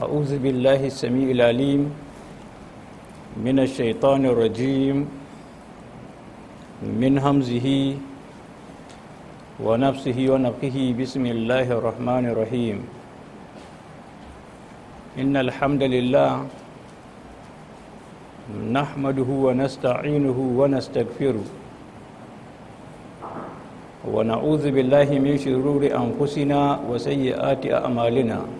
أعوذ بالله السميع العليم من الشيطان الرجيم من همزه ونفسه ونفخه بسم الله الرحمن الرحيم إن الحمد لله نحمده ونستعينه ونستغفره ونعوذ بالله من شرور أنفسنا وسيئات أعمالنا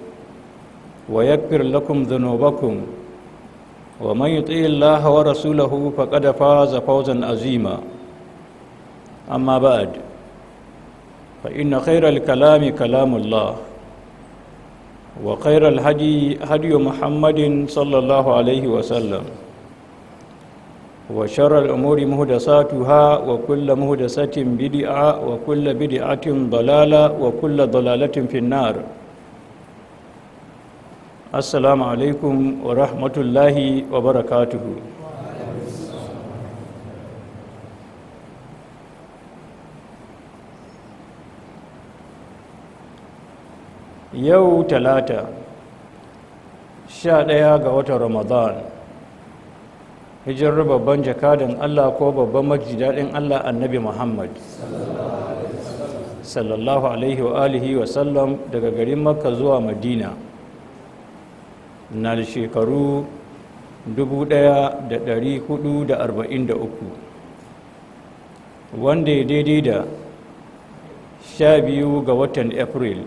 ويغفر لكم ذنوبكم ومن يطيع الله ورسوله فقد فاز فوزا عظيما أما بعد فإن خير الكلام كلام الله وخير الهدي هدي محمد صلى الله عليه وسلم وشر الأمور مهدساتها وكل مهدسة بدعة وكل بدعة ضلالة وكل ضلالة في النار assalamu alaikum wa rahmatullahi wa barakatuhu yau talata sha ɗaya ga watan ramadan hijirar babban jakadan allah ko babban maji-daɗin allah annabi muhammad sallallahu alaihi wa alihi wa sallam daga garin makka zuwa madina na da shekaru 1443 wanda ya daidai da 12 ga watan april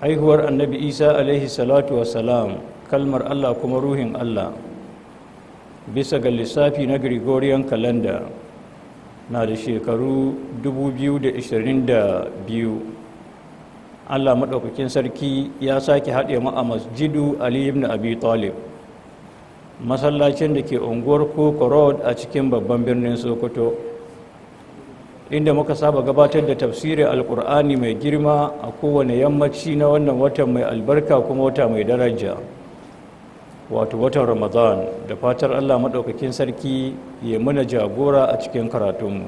haihuwar annabi isa alaihi salatu wasalam kalmar allah kuma ruhin allah bisa ga lissafi na gregorian calendar na da shekaru 2022 allah maɗaukakin sarki ya sake haɗe mu a masjidu ali ibn abi talib masallacin da ke unguwar koko road a cikin babban birnin sokoto inda muka saba gabatar da tafsirin alkur'ani mai girma a kowane yammaci na wannan watan mai albarka kuma wata mai daraja wato watan ramadan da fatar allah maɗaukakin sarki ya muna jagora a cikin karatunmu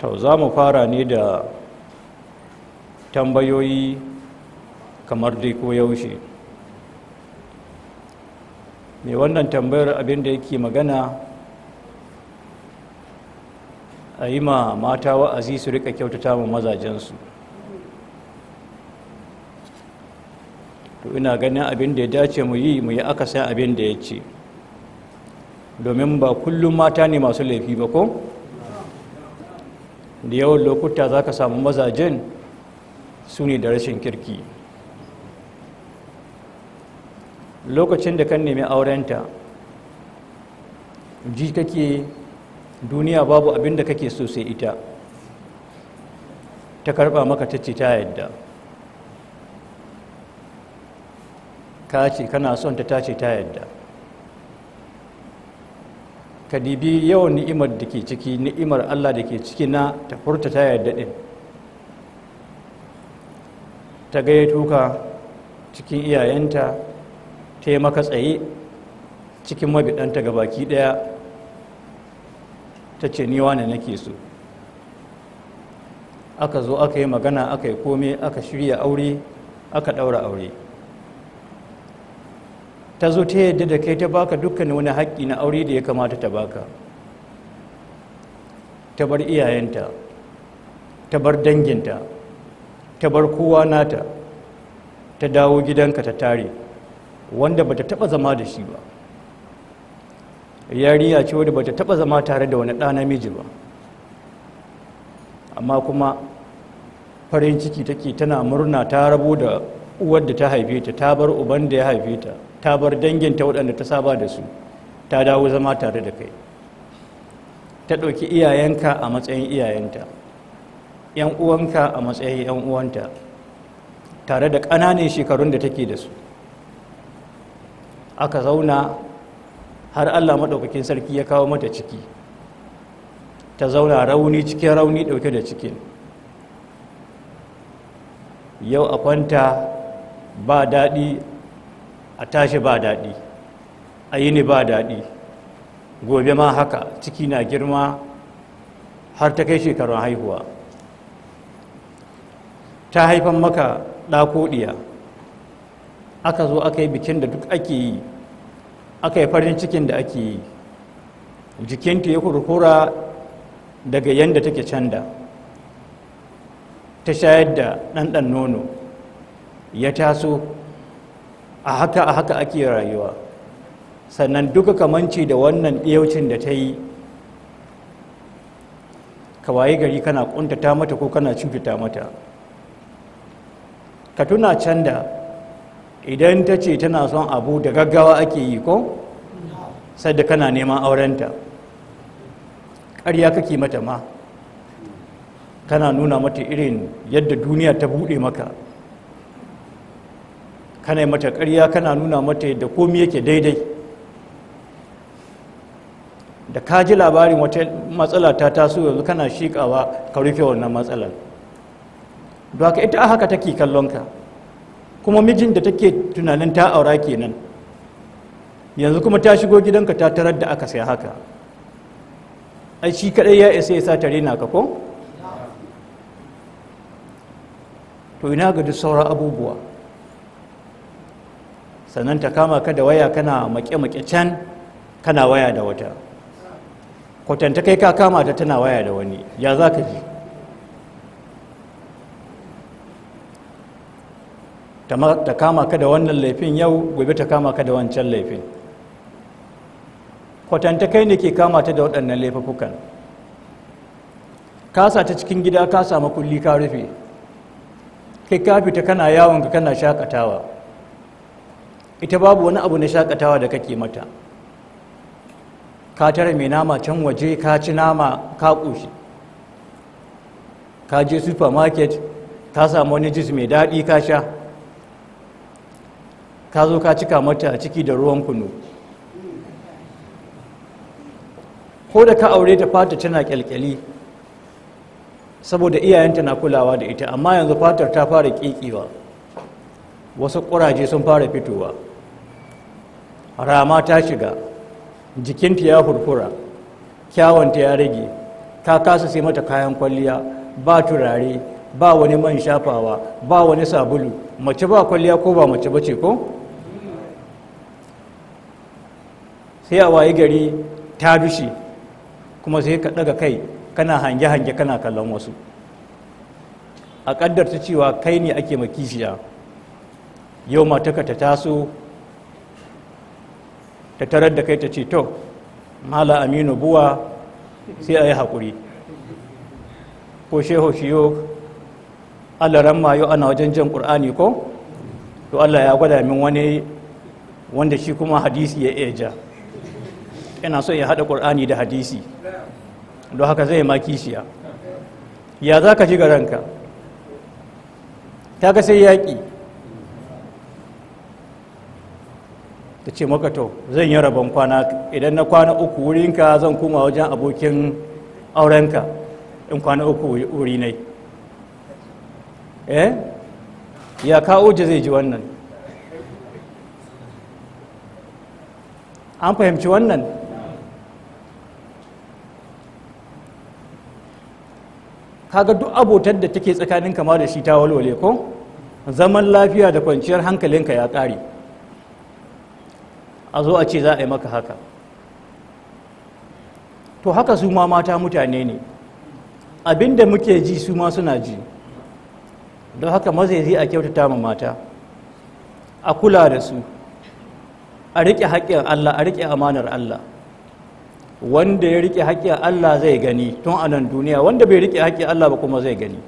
to za mu fara ne da tambayoyi kamar dai ko yaushe mai wannan tambayar abin da yake magana a yi ma mata wa'azi su rika kyautata ma mazajensu to ina ganin abin da ya dace mu yi mu yi akasin abin da ya ce domin ba kullum mata ne masu laifi ba ko? da yawan lokuta za ka samu mazajen su ne da rashin kirki lokacin da kan nemi aurenta ji kake duniya babu abin da kake so sai ita ta karba maka ta ce ta yadda ka ce kana son ta tace ta yadda ka dibi yawan ni'imar da ke ciki ni'imar Allah da ke ciki na ta furta ta yadda din ta gayyato ka cikin iyayenta ta yi maka tsaye cikin mabidanta ga baki ɗaya ta ce niwa ne nake so aka zo aka yi magana aka yi kome aka shirya aure aka ɗaura aure ta zo ta yadda da kai ta baka dukkan wani haƙƙi na aure da ya kamata ta baka ta bar iyayenta ta bar danginta ta bar kowa nata ta dawo gidanka ta tare wanda bata taba zama da shi ba yariya ce wadda bata taba zama tare da wani ɗa namiji ba amma kuma farin ciki take tana murna ta rabo da uwar da ta haife ta ta bar uban da ya haife ta ta bar danginta waɗanda ta saba da su ta dawo zama tare da kai ta ɗauki iyayenka a matsayin iyayenta ‘yan uwanka a matsayin ‘yan uwanta tare da ƙananan shekarun da take da su aka zauna har allah maɗaukakin sarki ya kawo mata ciki ta zauna rauni cikin rauni ɗauke da cikin yau a kwanta ba daɗi a tashi ba daɗi a yi ni ba daɗi gobe ma haka ciki na girma har ta kai shekarun haihuwa ta haifan maka ɗakoɗiya aka zo aka yi bikin da duk ake yi aka yi farin cikin da ake yi jikinta ya kurkura daga yadda take canda ta shayar da ɗanɗan nono ya taso a haka a haka ake rayuwa sannan duka kamanci da wannan ɗiyaucin da ta yi ka waye gari kana ƙuntata mata ko kana cutata mata ka tuna can da idan ta ce tana son abu da gaggawa ake yi ko sadda kana neman aurenta ƙarya kake mata ma kana nuna mata irin yadda duniya ta buɗe maka kana mata ƙarya kana nuna mata yadda komi yake daidai da ka ji labarin wata matsala ta taso yanzu kana shiƙawa ka rufe wannan matsalar ba ka ita haka take ka. kuma mijin da take tunanin ta aura kenan yanzu kuma ta shigo gidanka ta tarar da aka sai haka ai shi kaɗai ya isa ya sa tare na ka ko to ina ga duk sauran abubuwa sannan ta kama ka da waya kana maƙe-maƙe can kana waya da wata kwatanta kai ka kama ta tana waya da wani ya za ka ji ta kama ka da wannan laifin yau gobe ta kama ka da wancan laifin kwatanta kai ne ke kama ta da waɗannan laifukan kasa ta cikin gida kasa makulli, ka rufe kai ka fita kana yawon ka kana shakatawa ita babu wani abu na shakatawa da kake mata ka tara mai nama can waje ka ci nama ka kushi ka je supermarket ka samu wani jis mai daɗi ka sha ka zo ka cika mata a ciki da ruwan kunu ko da ka aure ta fata tana kyalkyali saboda iyayenta na kulawa da ita amma yanzu fatar ta fara kekewa. wasu ƙuraje sun fara fitowa rama ta shiga jikinta ya furfura kyawanta ya rage ta kasa sai mata kayan kwalliya ba turare ba wani man shafawa ba wani sabulu mace ba kwalliya ko ba mace bace ko sai a waye gari ta dushe kuma sai ka daga kai kana hange-hange kana kallon wasu a ta cewa kai ne ake makishiya yau mataka ta taso ta tarar da kai ta ce to mala aminu buwa sai a yi haƙuri ko shehu shiyo allah ramma yau ana wajen jan ƙur'ani ko to allah ya gwada min wani wanda shi kuma hadisi ya iya ja ina so ya haɗa ƙur'ani da hadisi don haka zai ma kishiya ya za ka ji ga ranka ta ga sai yaƙi ta ce maka to zan yi rabon kwana idan na kwana uku wurinka zan koma wajen abokin aurenka in kwana uku wuri ne eh ya kawo ji zai ji wannan an fahimci wannan kaga duk abotar da take tsakanin kama da shi ta walwale ko zaman lafiya da kwanciyar hankalinka ya ƙare a zo a ce za a yi maka haka to haka su ma mata mutane ne abinda muke ji su ma suna ji don haka mazaizi a kyautata ma mata a kula da su a riƙe haƙƙin Allah a riƙe amanar Allah wanda ya riƙe haƙƙin Allah zai gani tun a nan duniya wanda bai riƙe haƙƙin Allah ba kuma zai gani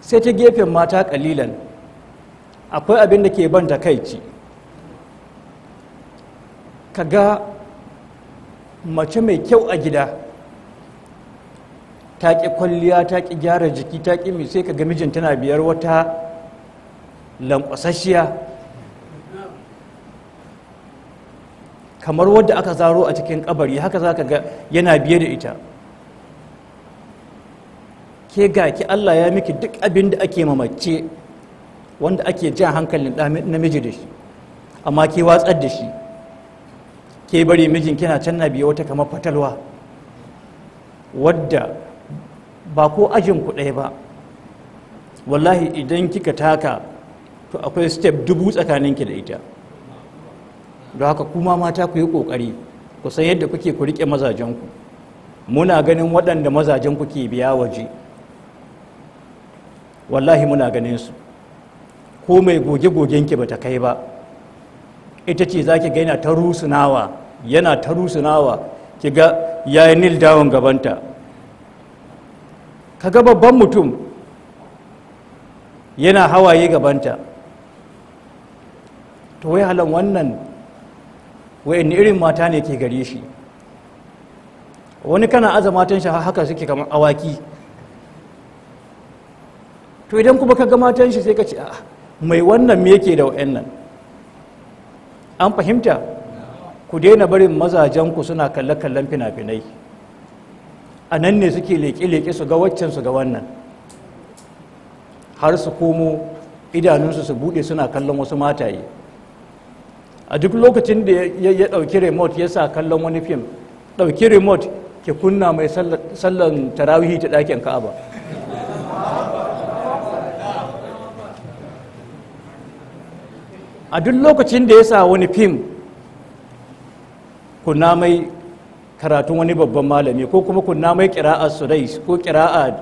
sai ta gefen mata ƙalilan akwai abin da ke ban takaici ka ga mace mai kyau a gida ta ƙi kwalliya ta ƙi gyara jiki ta ƙi mai sai ka ga mijin tana biyar wata lankwasashiya kamar wadda aka zaro a cikin kabari haka za ka ga yana biye da ita ke ga ki allah ya miki duk abin da ake mamace wanda ake jan hankalin namiji da shi amma ke watsar da shi ke bari mijin kina can na biya wata kamar fatalwa wadda ba ko ajin ku ɗaya ba wallahi idan kika taka to akwai step dubu ki da ita don haka kuma mata ku yi ƙoƙari ku san yadda kuke ku riƙe mazajenku muna ganin waɗanda mazajenku ke biya waje wallahi muna ganin su ko mai goge-gogen ki bata kai ba ita ce za ki ga yana ta rusunawa yana ta rusunawa ki ga ya yi nil dawon gabanta ka ga babban mutum yana hawaye gabanta to wai halan wannan wai ni irin mata ne ke gare shi wani kana aza matan shi haka suke kamar awaki to idan kuma ka ga matan shi sai ka ce a'a mai wannan me yake da nan an fahimta ku daina barin mazajenku suna kalle-kallen fina-finai a nan ne suke leƙe-leƙe su ga waccan su ga wannan har su komo idanunsu su buɗe suna kallon wasu mataye a duk lokacin da ya ɗauki remote ya sa kallon wani fim ɗauki remote ke kunna mai sallan tarawihi ta ɗakin ka'aba a duk lokacin da ya sa wani fim kunna mai karatun wani babban malami ko kuma kunna mai kira'a surai ko kira'a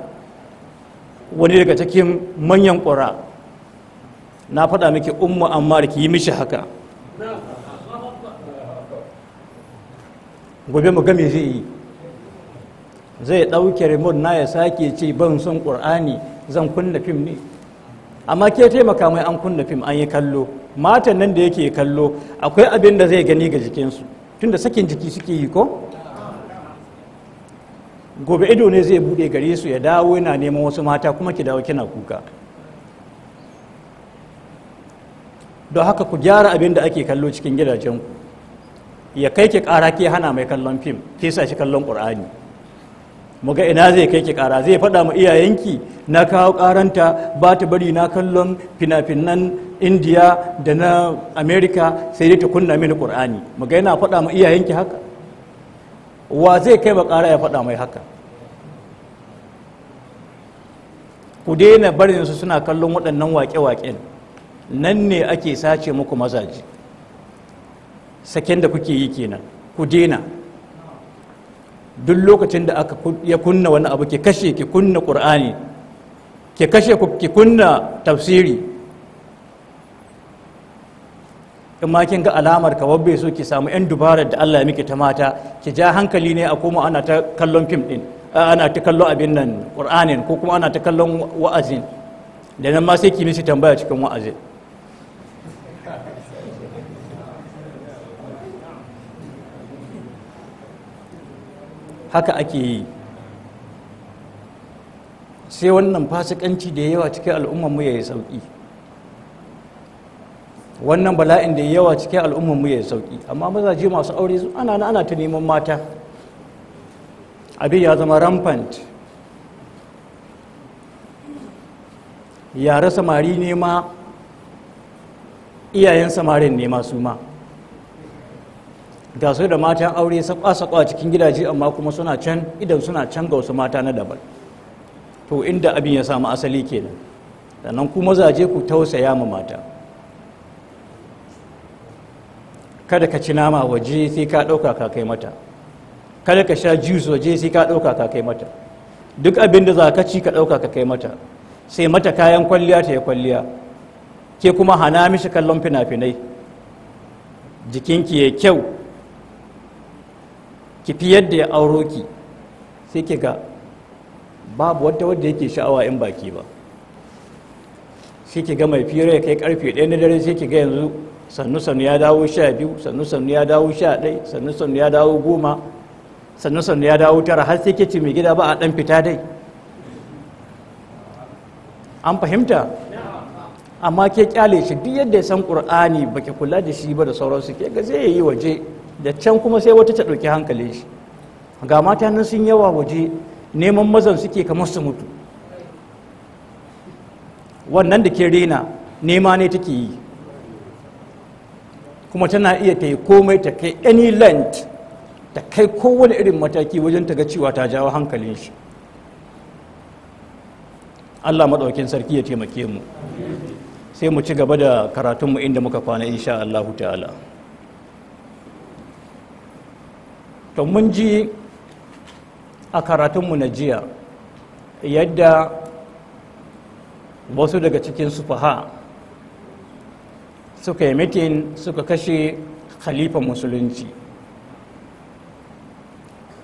wani daga cikin manyan ƙura na faɗa miki ummu amma da ki yi mishi haka gobe mu game zai yi zai ɗauke remote na ya sake ce ban son ƙur'ani zan kunna fim ne amma ke taimaka mai an kunna fim an yi kallo matan nan da yake kallo akwai abin da zai gani ga jikinsu tunda sakin jiki suke yi ko gobe ido ne zai bude gare su ya dawo yana neman wasu mata kuma ki dawo kina kuka don haka ku gyara abin da ake kallo cikin gidajen ku ya kai ki kara ke hana mai kallon fim ke sa shi kallon ƙur'ani mu ga ina zai kai ki kara zai faɗa mu iyayenki na kawo karanta ba ta bari na kallon fina-finan indiya da na amerika sai dai ta kunna mini qur'ani maga yana faɗa ma iyayenki haka wa zai kai ba ƙara ya faɗa mai haka ku daina barin su suna kallon waɗannan waƙe-waƙen nan ne ake sace muku mazaji saken da kuke yi kenan ku daina duk lokacin da aka ya kunna wani abu ke kashe ke kunna ƙur'ani ke kashe ke kunna tafsiri in ma kin ga alamar ka wabbe so ki samu yan dubarar da Allah ya miki ta mata ki ja hankali ne a koma ana ta kallon fim din ana ta kallon abin nan qur'anin ko kuma ana ta kallon wa'azin da nan ma sai ki mishi tambaya cikin wa'azin haka ake yi sai wannan fasikanci da yawa cikin al'ummar mu yayi sauki wannan bala'in da yawa cikin al'ummar mu ya sauki amma mazaje masu aure ana ana ta neman mata abin ya zama rampant yare samari ne ma iyayen samarin ne ma su ma da su da matan aure sakwa-sakwa cikin gidaje amma kuma suna can idan suna can ga wasu mata na daban to inda abin ya samu asali kenan sannan ku mazaje ku tausaya ma mata kada ka ci nama waje sai ka ɗauka ka kai mata kada ka sha juice waje sai ka ɗauka ka kai mata duk abin da za ka ci ka ɗauka ka kai mata sai mata kayan kwalliya ta yi kwalliya ke kuma hana mishi kallon fina-finai jikinki ya kyau ki fi yadda ya auro ki sai ki ga babu wata wadda yake sha'awa in baki ba sai ki ga mai fira ya kai karfe ɗaya na dare sai ki ga yanzu sannu sannu ya dawo sha biyu sannu sannu ya dawo sha ɗai sannu sannu ya dawo goma sannu sannu ya dawo tara har sai kici mai gida ba a ɗan fita dai an fahimta amma ke kyale shi duk yadda ya san ba ke kula da shi ba da sauransu ke ga zai yi waje da can kuma sai wata ta ɗauki hankali shi ga mata nan sun yawa waje neman mazan suke kamar su mutu wannan da ke rena nema ne take yi kuma tana iya ta yi komai ta kai any land ta kai kowane irin mataki wajen ta ga cewa ta jawo hankalin shi allah maɗaukin sarki ya taimake mu sai mu ci gaba da karatunmu inda muka kwana insha allahu ta'ala to mun ji a karatunmu na jiya yadda wasu daga cikin sufaha suka yi mitin suka kashe khalifan musulunci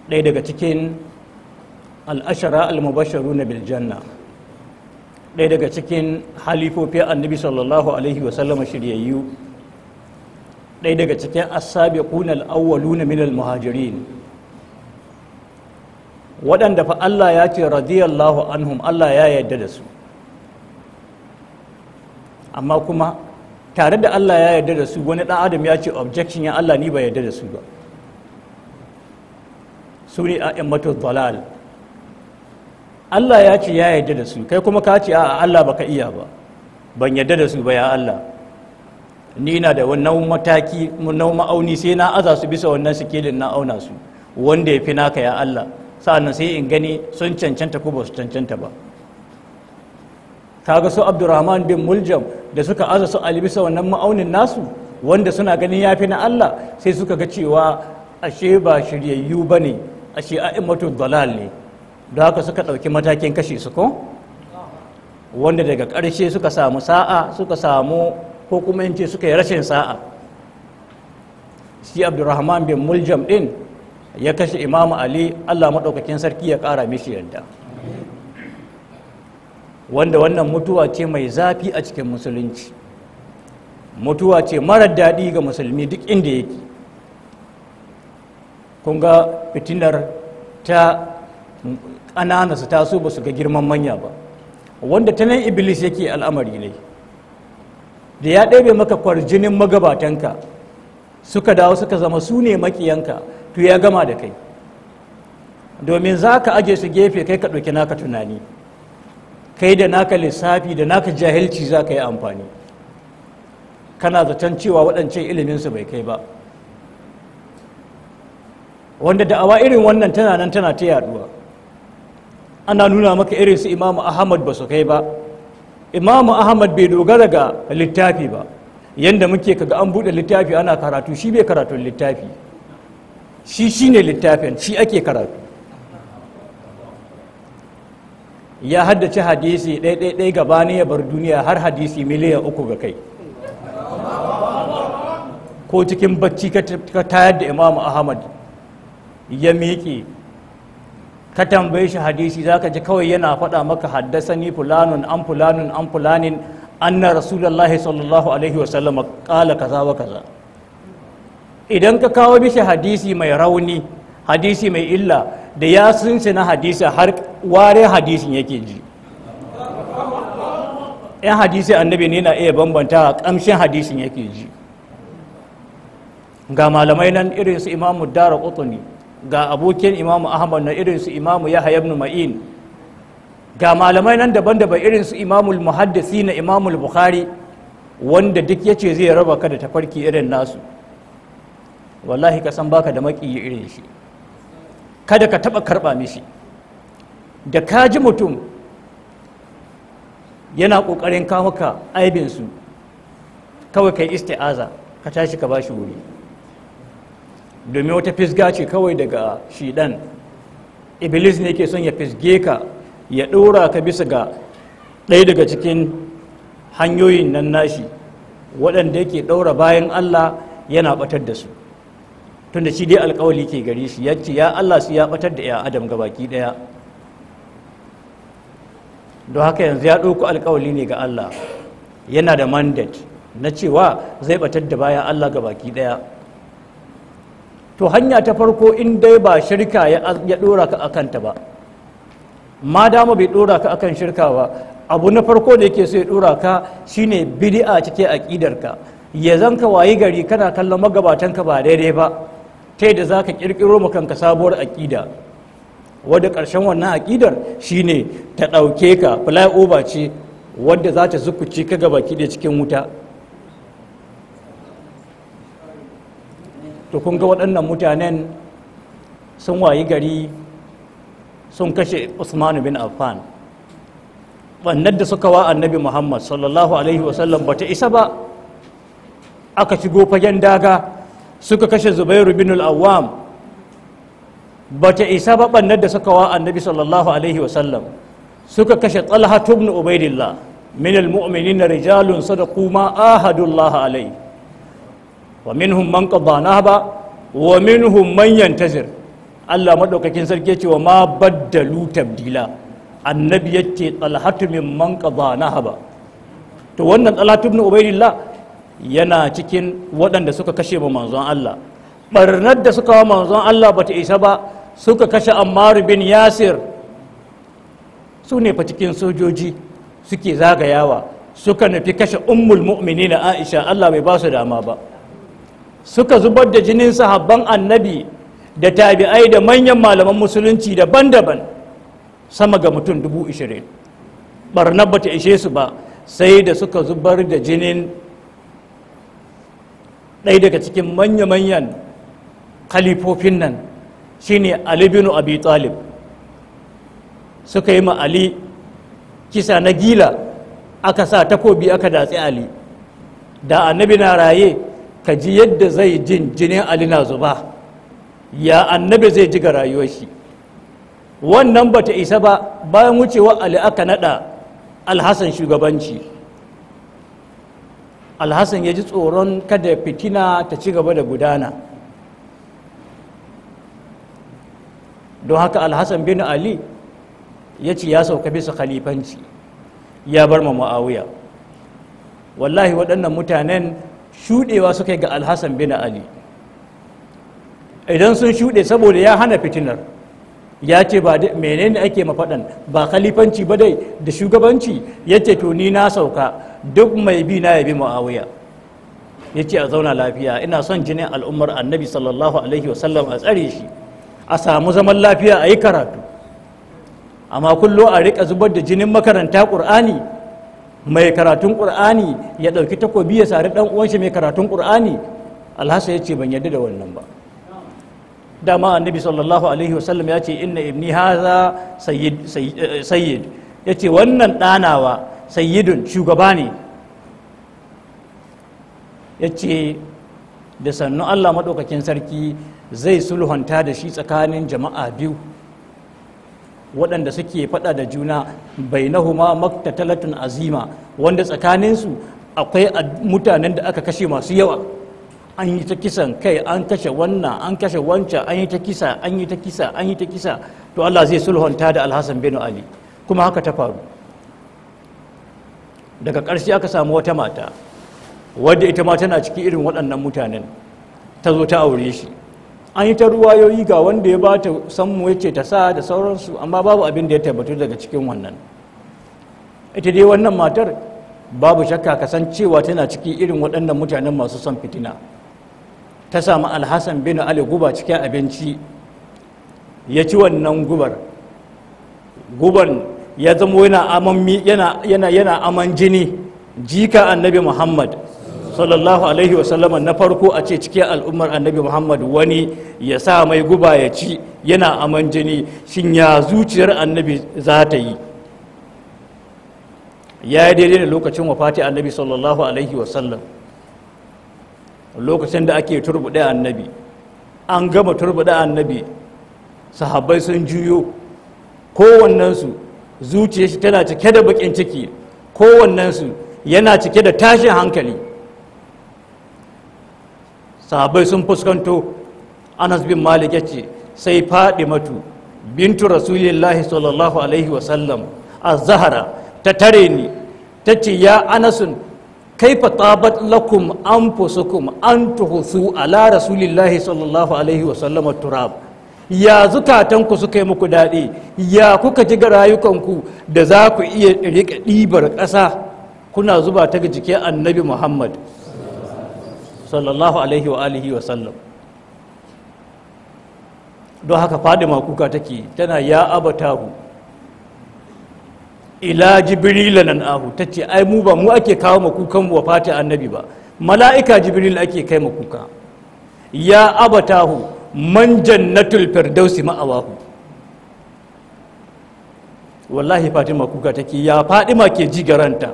ɗaya daga cikin al'ashara al-mubasharu na biljanna ɗaya daga cikin halifofi annabi sallallahu alaihi wasallama shiryayyu ɗaya daga cikin asabi kunal awwalu na minal muhajirin waɗanda fa Allah ya ce radiyallahu anhum Allah ya yarda da su amma kuma tare da Allah ya yarda da su wani ɗan adam ya ce objection ya Allah ni ba yarda da su ba su ne a immatu dalal Allah ya ce ya yarda da su kai kuma ka ce a Allah baka iya ba ban yarda da su ba ya Allah ni na da wannan mataki na ma'auni sai na aza su bisa wannan sikilin na auna su wanda ya fi naka ya Allah sa'annan sai in gani sun cancanta ko ba su cancanta ba ga su abdurrahman bin muljam da suka aza su ali bisa wannan ma'aunin nasu wanda suna ganin yafi na allah sai suka ga cewa ashe ba shiryayyu ba ne ashe a'immatu dalal ne da haka suka ɗauki matakin kashe su ko wanda daga ƙarshe suka samu sa'a suka samu ko kuma in suka yi rashin sa'a shi abdurrahman bin muljam din ya kashe imamu ali allah maɗaukakin sarki ya ƙara mishi yadda wanda wannan mutuwa ce mai zafi a cikin musulunci mutuwa ce marar daɗi ga musulmi duk inda yake kun ga fitinar ta ƙanana su taso ba su ga girman manya ba wanda ta nan iblis yake al'amari ne da ya ɗebe maka kwarjinin magabatanka suka dawo suka zama su ne makiyanka to ya gama da kai domin za ka aje su gefe kai ka ɗauki naka tunani kai da naka lissafi da naka jahilci za ka yi amfani kana zaton cewa waɗancan iliminsu bai kai ba wanda da'awa irin wannan tana nan tana ta yaduwa ana nuna maka irin su imamu ahmad ba su kai ba imamu ahmad bai dogara ga littafi ba yadda muke kaga an buɗe littafi ana karatu shi bai karatun littafi shi shine littafin shi ake karatu ya haddace hadisi ɗaiɗaiɗai gabani ya bar duniya har hadisi miliyan uku ga kai ko cikin bacci ka tayar da imamu ahmad ya miƙe ka tambaye shi hadisi za ka ji kawai yana faɗa maka haddasa ni fulanun an fulanun an fulanin anna rasulullahi sallallahu alaihi wasallam kala kaza wa kaza idan ka kawo mishi hadisi mai rauni hadisi mai illa da ya sunce na hadisi har ware hadisin yake ji yan hadisi annabi ne na iya bambanta kamshin hadisin yake ji ga malamai nan irin su imamu dara kutuni ga abokin imamu ahmad na irin su imamu ya ibn ma'in ga malamai nan daban-daban irin su imamu muhaddisi na imamul bukhari wanda duk yace zai raba ka da tafarki irin nasu wallahi ka san baka da maki irin shi kada ka taɓa karɓa mishi da ka ji mutum yana ƙoƙarin kawo ka aibinsu kawai ka isti'aza ka tashi ka bashi wuri domin wata fisga ce kawai daga shiɗan iblis ne ke son ya fisge ka ya ɗora ka bisa ga ɗaya daga cikin hanyoyin nan nashi waɗanda yake ɗaura bayan allah yana ɓatar da su tunda shi dai alkawali ke gare shi ya ce ya Allah su ya batar da ya adam ga baki daya don haka yanzu ya ɗauko alkawali ne ga Allah yana da mandate na cewa zai batar da bayan Allah ga baki daya to hanya ta farko in dai ba shirka ya ɗora ka akanta ba ma dama bai ɗora ka akan shirka ba abu na farko da yake so ya ɗora ka shine bid'a cike aƙidarka ya zanka wayi gari kana kallon magabatan ka ba daidai ba ta yadda za ka ƙirƙiro kanka sabuwar aƙida wadda ƙarshen wannan aƙidar shine ta ɗauke ka fly over ce wadda za ta zukuci ka gaba da cikin wuta to kun ga waɗannan mutanen sun wayi gari sun kashe usman bin affan ɓannar da suka wa annabi muhammad sallallahu alaihi wasallam ba ta isa ba aka shigo fagen daga suka kashe zubairu bin al-awwam bata isa ba bannar da suka wa annabi sallallahu alaihi suka kashe talha ibn ubaidillah min almu'minin rijalun sadaqu ma ahadullah alai wa minhum man qada nahba wa minhum man yantazir Allah madaukakin sarki ce wa ma baddalu tabdila annabi yace talha min man qada nahba to wannan talha ibn ubaidillah yana cikin waɗanda suka kashe ba manzon Allah ɓarnar da suka wa manzon Allah bata isa ba suka kashe Ammar bin Yasir su ne fa cikin sojoji suke zagayawa suka nufi kashe ummul na Aisha Allah bai ba su dama ba suka zubar da jinin sahabban annabi da tabi'ai da manyan malaman musulunci daban-daban sama ga mutum dubu ishirin barnar bata ishe su ba sai da suka zubar da jinin ɗaya daga cikin manya-manyan kalifofin nan shine ali bin abi talib suka yi ma ali kisa na gila aka sa takobi aka datse ali da annabi na raye ka ji yadda zai jin jinin ali na zuba ya annabi zai ji ga rayuwar shi wannan bata isa ba bayan wucewa ali aka nada alhassan shugabanci alhassan ya ji tsoron kada fitina ta ci gaba da gudana don haka alhassan bin ali ya ce ya sauka bisa khalifanci ya bar ma ma'awuya wallahi waɗannan mutanen shuɗewa suka yi ga alhassan bin ali idan sun shuɗe saboda ya hana fitinar ya ce ba menene ake mafaɗan ba khalifanci ba dai da shugabanci ya ce to ni na sauka duk mai bi na yabi muawiya ya ce a zauna lafiya ina son jinin al'ummar annabi sallallahu alaihi wasallam a tsare shi a samu zaman lafiya a yi karatu amma kullum a riƙa zubar da jinin makaranta ƙur'ani mai karatun ƙur'ani ya ɗauki takobi ya sari ɗan uwanshi mai karatun ƙur'ani alhassa ya ce ban yarda da wannan ba dama annabi sallallahu alaihi wasallam ya ce inna ibni haza sayyid eh, ya ce wannan ɗanawa sayyidun shugaba ne yace da sannu allah maɗaukakin sarki zai sulhunta da shi tsakanin jama'a biyu waɗanda suke faɗa da juna bainahuma maktatalatun azima wanda tsakanin su akwai mutanen da aka kashe masu yawa an yi ta kisan kai an kashe wannan an kashe wancan an yi ta kisa an yi ta kisa an yi ta kisa to Allah zai sulhunta da alhassan bin ali kuma haka ta faru daga ƙarshe aka samu wata mata wadda ita ma tana ciki irin waɗannan mutanen ta zo ta aure shi an yi ta ruwayoyi ga wanda ya bata sammu ya ce ta sa da sauransu amma babu abin da ya tabbatu daga cikin wannan ita dai wannan matar babu shakka kasancewa tana ciki irin waɗannan mutanen masu son fitina ta samu alhassan bin ali guba cikin abinci ya ci wannan gubar guban ya zama yana aman jini jika annabi muhammad sallallahu alaihi wasallama na farko a ce cikin al'ummar annabi muhammad wani ya sa mai guba ya ci yana aman jini shin ya zuciyar annabi za ta yi ya yi daidai da lokacin wafati annabi sallallahu alaihi wasallam lokacin da ake turbuɗe annabi an gama turbuɗe annabi sahabbai sun juyo kowannensu zuciya shi tana cike da bakin ciki kowannensu yana cike da tashin hankali sahabbai sun fuskanto anas bin malik ya ce sai faɗi matu bintu rasulillahi sallallahu alaihi wasallam a zahara ta tare ni ta ce ya anasun kaifa tabat lakum anfusukum an tuhusu ala rasulillahi sallallahu alaihi wa sallama turab ya zukatanku suka yi muku daɗi ya kuka ji ga rayukanku da za ku iya riƙe ɗibar ƙasa kuna zuba ta ga jikin annabi muhammad sallallahu alaihi wa alihi wa sallam don haka fadima kuka take tana ya abatahu ila jibril nan ahu ta ce ai mu ba mu ake kawo makukan wa fati annabi ba mala'ika jibril ake kai makuka ya abatahu man jannatul firdausi ma'awahu wallahi fatima kuka take ya fadima ke ji garanta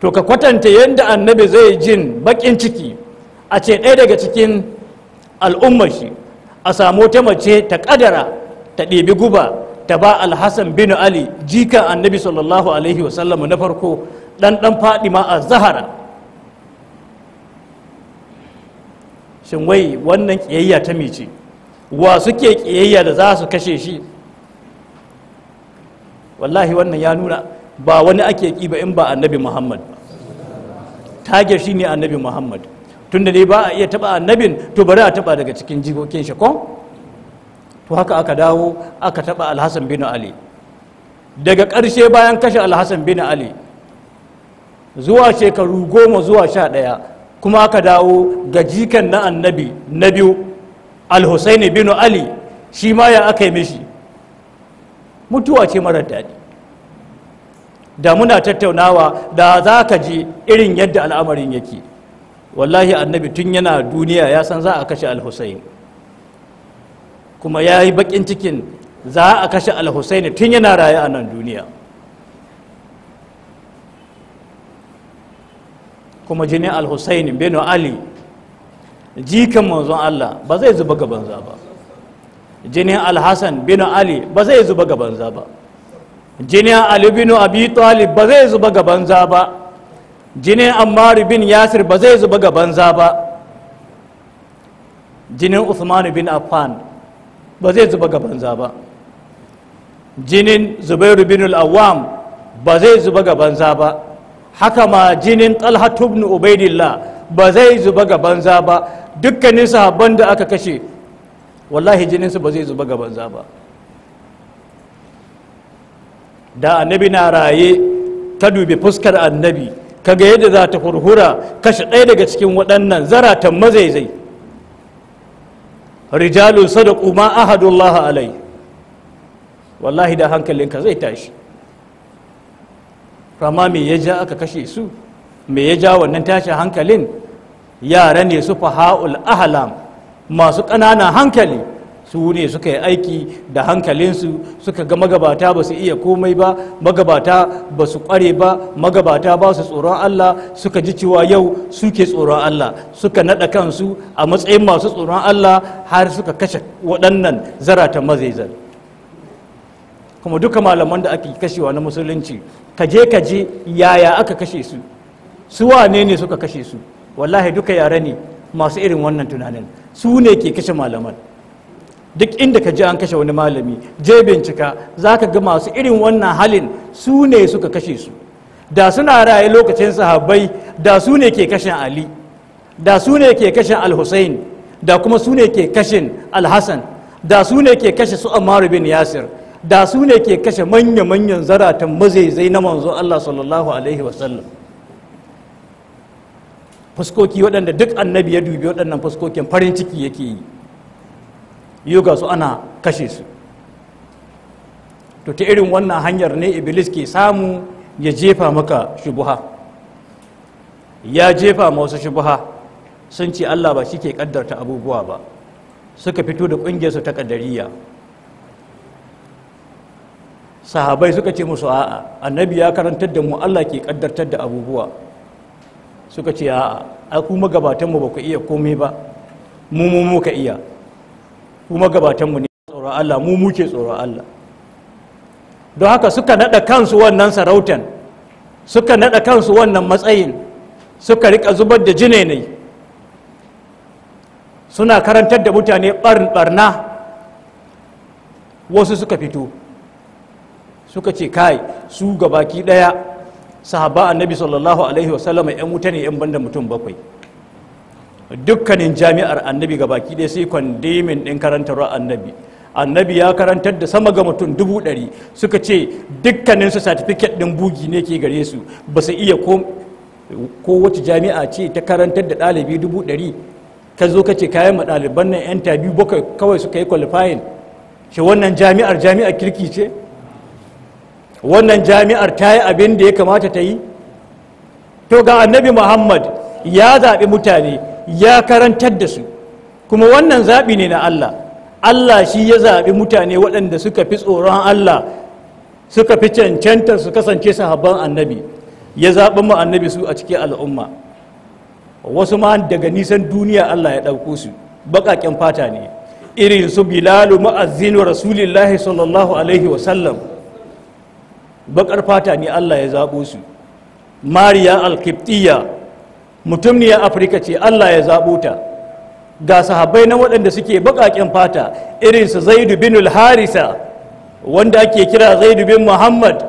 to ka kwatanta yadda annabi zai jin bakin ciki a ce ɗaya daga cikin al'ummashi a samu ta mace ta ƙadara ta ɗebi guba taba alhassan bin ali jika annabi sallallahu alaihi wasallam na farko dan dan ma a zahara shin wai wannan kiyayya ta mice wa suke kiyayya da za su kashe shi wallahi wannan ya nuna ba wani ake ƙi ba in ba annabi muhammad tage shi ne annabi muhammad tunda dai ba a iya taba annabin to bari a taba daga cikin jikokin shi ko to haka aka dawo aka taɓa alhassan bin ali daga ƙarshe bayan kashe alhassan bin ali zuwa shekaru goma zuwa sha ɗaya kuma aka dawo ga jikan na annabi na biyu alhussaini bin ali shi ma ya aka yi mishi mutuwa ce marar daɗi da muna tattaunawa da za ka ji irin yadda al'amarin yake wallahi annabi tun yana duniya ya san za a kashe alhussaini kuma ya yi bakin cikin za a kashe al tun yana raye a nan duniya kuma jini al-husaini beno ali jikan manzon allah ba zai zuba gaban za ba jini al-hassan beno ali ba zai zuba gaban za ba jini ali beno abi talib ba zai zuba gaban za ba jini ammar bin yasir ba zai zuba gaban za ba jinin Usman bin Affan ba zai zuba ga banza ba jinin zubairu bin al-awwam ba zai zuba ga banza ba haka ma jinin talha ibn ubaidillah ba zai zuba ga banza ba dukkanin sahabban da aka kashe wallahi su ba zai zuba ga banza ba da annabi na raye ka dubi fuskar annabi kaga yadda za ta hurhura kashe ɗaya daga cikin waɗannan zaratan mazaizai rijalun sadaqu ma ahadullah alai wallahi da hankalinka zai tashi rama me ya ja aka kashe su me ya ja wannan tashi hankalin yara ne su faha'ul ahlam masu ƙananan hankali su ne suka yi aiki da hankalinsu suka ga magabata ba su iya komai ba magabata ba su kware ba magabata ba su tsoron Allah suka ji cewa yau suke tsoron Allah suka naɗa kansu a matsayin masu tsoron Allah har suka kashe waɗannan zarata mazaizan kuma duka malaman da ake kashewa na musulunci kaje kaje yaya aka kashe su su wane ne suka kashe su wallahi duka yare ne masu irin wannan tunanin su ne ke kashe malaman duk inda ka ji an kashe wani malami je bincika za ka ga masu irin wannan halin su ne suka kashe su da suna raye lokacin sahabbai da su ne ke kashen ali da su ne ke kashen al-hussein da kuma su ne ke kashen al-hassan da su ne ke kashe su amaru bin yasir da su ne ke kashe manya-manyan zaratan mazaizai na manzo allah sallallahu alaihi wasallam fuskoki waɗanda duk annabi ya dubi waɗannan fuskokin farin ciki yake yi yi ga su ana kashe su to ta irin wannan hanyar ne iblis ke samu ya jefa maka shubuha ya jefa ma wasu shubuha sun ce allah ba shi ke kaddarta abubuwa ba suka fito da ƙungiyarsu ta kaddariya sahabai suka ce musu a'a annabi ya karantar da mu allah ke kaddartar da abubuwa suka ce a'a a kuma gabatanmu ba ku iya komai ba mu mu muka iya kuma gabatanmu ne tsoron Allah mu muke tsoron Allah don haka suka naɗa kansu wannan sarautan suka naɗa kansu wannan matsayin suka rika zubar da jine ne suna karantar da mutane barna wasu suka fito suka ce kai su gabaki ɗaya sahaba annabi sallallahu alaihi wasallama 'yan wuta ne 'yan banda mutum bakwai dukkanin jami'ar annabi ga baki ɗaya sai kwandemin ɗin karantarwa annabi annabi ya karantar da sama ga mutum dubu ɗari suka ce dukkanin su satifiket ɗin bugi ne ke gare su ba su iya ko wacce jami'a ce ta karantar da ɗalibi dubu ɗari ka zo ka ce kayan ma ɗaliban nan yan tabi bakwai kawai suka yi kwalifayin shi wannan jami'ar jami'ar kirki ce wannan jami'ar ta yi abin da ya kamata ta yi to ga annabi muhammad ya zaɓi mutane ya karantar da su kuma wannan zaɓi ne na Allah Allah shi ya zaɓi mutane waɗanda suka fi tsoron Allah suka fi cancanta su kasance sahabban annabi ya zaɓi mu annabi su a cikin al'umma wasu ma daga nisan duniya Allah ya ɗauko su baƙaƙen fata ne irin su bilalu ma'azzinu rasulillahi sallallahu alaihi wasallam baƙar fata ne Allah ya zaɓo su mariya alkiptiya mutum a afirka ce allah ya zaɓo ta ga sahabbai na waɗanda suke baƙaƙen fata irinsu zaidu bin harisa wanda ake kira zaidu bin muhammad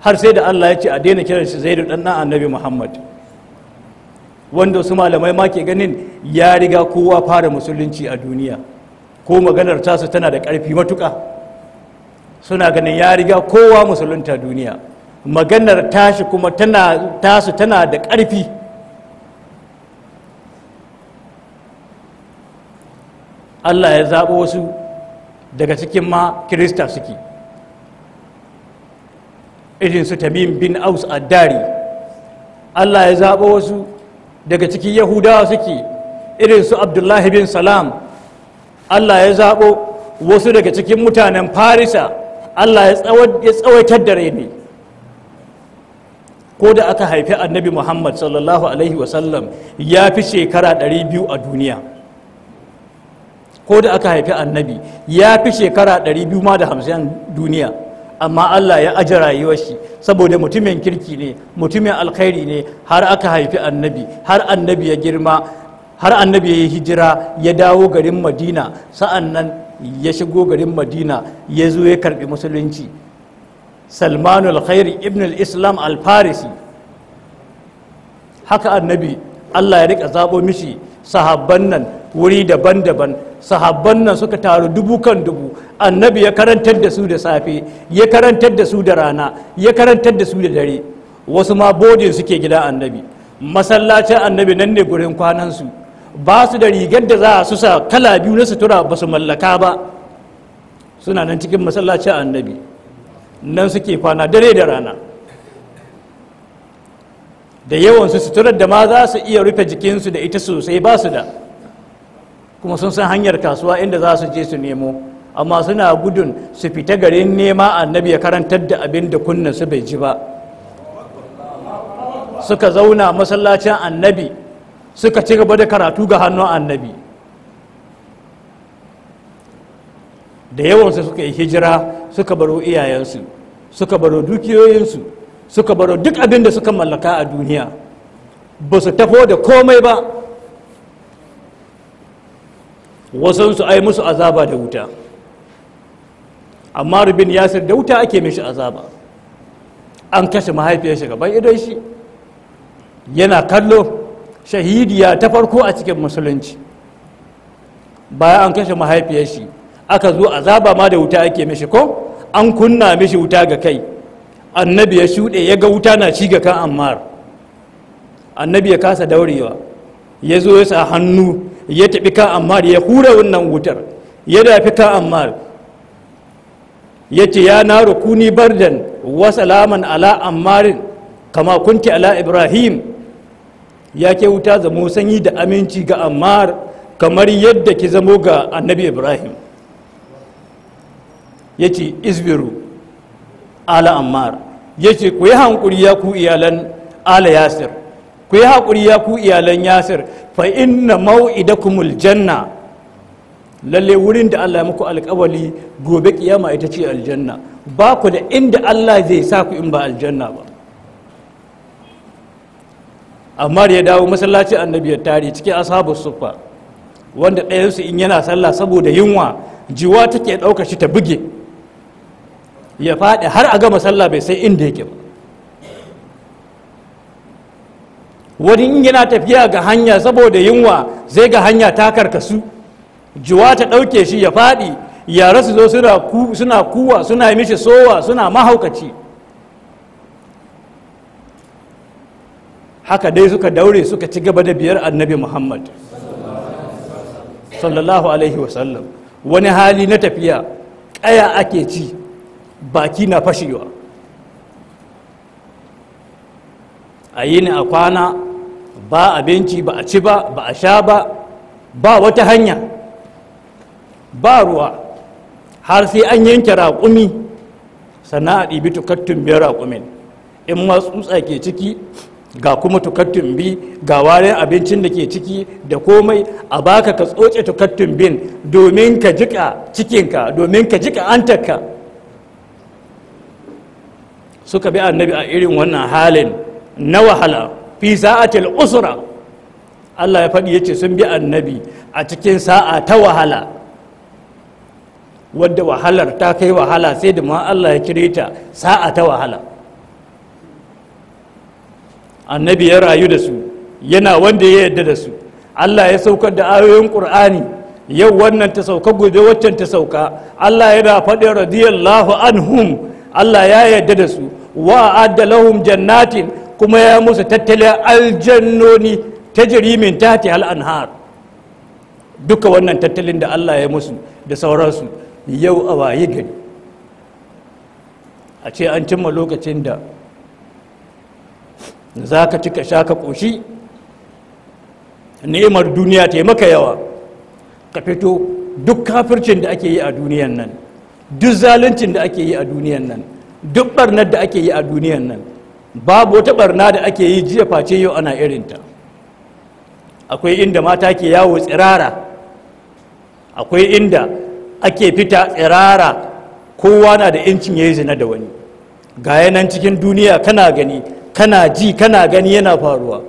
har sai da allah ya ce a daina kiran shi zaidu ɗan annabi muhammad wanda su malamai ma ke ganin ya riga kowa fara musulunci a duniya ko maganar tasu tana da ƙarfi matuƙa suna ganin ya riga kowa musulunta duniya maganar tashi kuma tana tasu tana da ƙarfi Allah ya zaɓo wasu daga cikin ma kirista suke irin su tamim bin aus addari Allah ya zaɓo wasu daga cikin yahudawa suke irin su abdullahi bin salam Allah ya zaɓo wasu daga cikin mutanen farisa Allah ya tsawaitar da rai ne ko da aka haifi annabi muhammad sallallahu alaihi wasallam ya fi shekara 200 a duniya ko da aka haifi annabi ya fi shekara 200 ma da duniya amma allah ya aji rayuwar shi saboda mutumin kirki ne mutumin alkhairi ne har aka haifi annabi har annabi ya girma har annabi ya yi hijira ya dawo garin madina sa'an nan ya shigo garin madina ya zo ya karbi musulunci salman al ibn islam al-farisi haka annabi allah ya rika zabo mishi sahabban nan wuri daban-daban sahabban nan suka taru dubu kan dubu annabi ya karantar da su da safe ya karantar da su da rana ya karantar da su da dare wasu ma bodin suke gida annabi masallacin annabi nan ne gurin kwanansu ba su da rigar da za su sa kala biyu na sutura ba su mallaka ba suna nan cikin masallacin annabi nan suke kwana dare da rana da yawansu suturar da ma za su iya rufe jikinsu da ita sosai ba su da kuma sun san hanyar kasuwa inda za su je su nemo amma suna gudun su fita garin nema annabi ya karantar da abin da kunnen su bai ji ba suka zauna masallacin annabi suka ci gaba da karatu ga hannun annabi da yawansu suka yi hijira suka baro iyayensu suka baro dukiyoyinsu suka baro duk abin da suka mallaka a duniya ba su tafo da komai ba wasansu ai musu azaba da wuta amma rubin yasir da wuta ake mishi azaba an kashe mahaifiyar shi gaban idon shi yana kallo shahidiya ta farko a cikin musulunci bayan an kashe mahaifiyar shi aka zo azaba ma da wuta ake mishi ko an kunna mishi wuta ga kai annabi ya shuɗe ya ga wuta na ci ga kan ammar annabi ya kasa daurewa ya zo ya sa hannu ya tafi kan ammar ya hura wannan wutar ya dafi kan ammar ya ce ya na rukuni bardan wa salaman ala ammarin kama kunti ala ibrahim ya ke wuta zamo sanyi da aminci ga ammar kamar yadda ki zamo ga annabi ibrahim ya ce isbiru ala ammar ya ce ku yi hankuri ya ku iyalan ala yasir ku yi hankuri ya ku iyalan yasir fa inna mau'idakumul janna lalle wurin da Allah ya muku alkawali gobe kiyama ita ce aljanna ba ku da inda Allah zai sa ku in ba aljanna ba amma ya dawo masallaci annabi ya tare cikin ashabu suffa wanda ɗayansu in yana sallah saboda yunwa jiwa take ɗauka shi ta buge ya faɗi har a gama sallah bai sai inda yake ba wani in yana tafiya ga hanya saboda yunwa zai ga hanya ta karkasu juwa ta ɗauke shi ya faɗi yara su zo suna kuwa suna mishi sowa suna mahaukaci haka dai suka daure suka ci gaba da biyar annabi muhammad sallallahu alaihi wasallam wani hali na tafiya ƙaya ake ci baki na fashewa a yi ni a kwana ba abinci ba a ci ba ba a sha ba ba wata hanya ba ruwa har sai an yanke raƙumi sana'a a ɗibi tukattun biyar raƙumin in ma tsutsa ke ciki ga kuma tukattun bi ga warin abincin da ke ciki da komai a baka ka tsoce tukattun bin domin ka jika cikinka domin ka jika antarka suka bi annabi a irin wannan halin na wahala fi sa'atil usra Allah ya faɗi yace sun bi annabi a cikin sa'a ta wahala wadda wahalar ta kai wahala sai da ma Allah ya kire ta sa'a ta wahala annabi ya rayu da su yana wanda ya yarda da su Allah ya saukar da ayoyin Qur'ani yau wannan ta sauka gobe waccan ta sauka Allah yana faɗin radiyallahu anhum Allah ya yarda da su wa adda lahum jannatin kuma ya musu tattalin aljannoni ta jirimin tati al'anhar duka wannan tattalin da Allah ya musu da sauransu yau a waye gani a ce an cimma lokacin da za ka cika sha ka ƙoshi ni'imar duniya ta maka yawa ka fito duk kafircin da ake yi a duniyan nan duk zaluncin da ake yi a duniyan nan duk barnar da ake yi a duniyan nan babu wata barna da ake yi jiya face yau ana irinta akwai inda mata ke yawo tsirara akwai inda ake fita tsirara kowa na da incin ya yi zina da wani ga yanan cikin duniya kana gani kana ji kana gani yana faruwa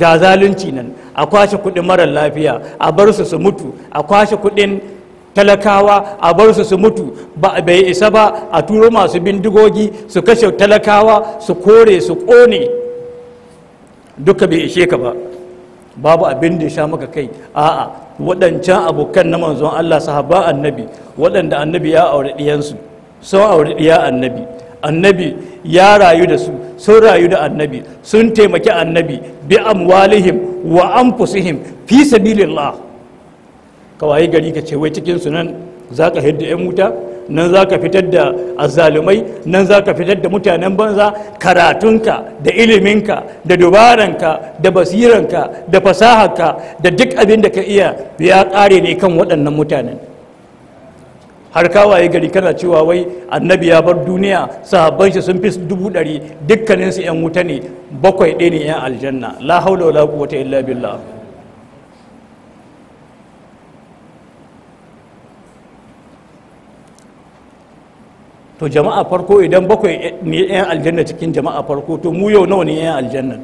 ga zalunci nan a kwashe kudin marar lafiya a bar su su mutu a kwashe kudin talakawa a bar su su mutu ba a bai isa ba a turo masu bindigogi su kashe talakawa su kore su kone duka bai ishe ka ba babu abin da ya sha maka kai a'a waɗancan abokan na manzon Allah sahaba annabi waɗanda annabi ya aure ɗiyansu sun aure ɗiya annabi annabi ya rayu da su sun rayu da annabi sun taimaki annabi bi amwalihim wa anfusihim fi sabilillah ka waye gari ka ce wai cikin nan za ka hidda 'yan wuta nan za ka fitar da azalumai nan za ka fitar da mutanen banza karatunka da iliminka da dubaranka da basiranka da fasaharka da duk abin da ka iya ya ƙare ne kan waɗannan mutanen har kawaye gari kana cewa wai annabi ya bar duniya sahabban shi sun fi dubu ɗari dukkaninsu 'yan wuta ne bakwai ɗaya ne 'yan aljanna la haula wala quwwata illa billah to jama'a farko idan bakwai ne eh, 'yan aljanna cikin jama'a farko to mu yau nawa ne 'yan aljanna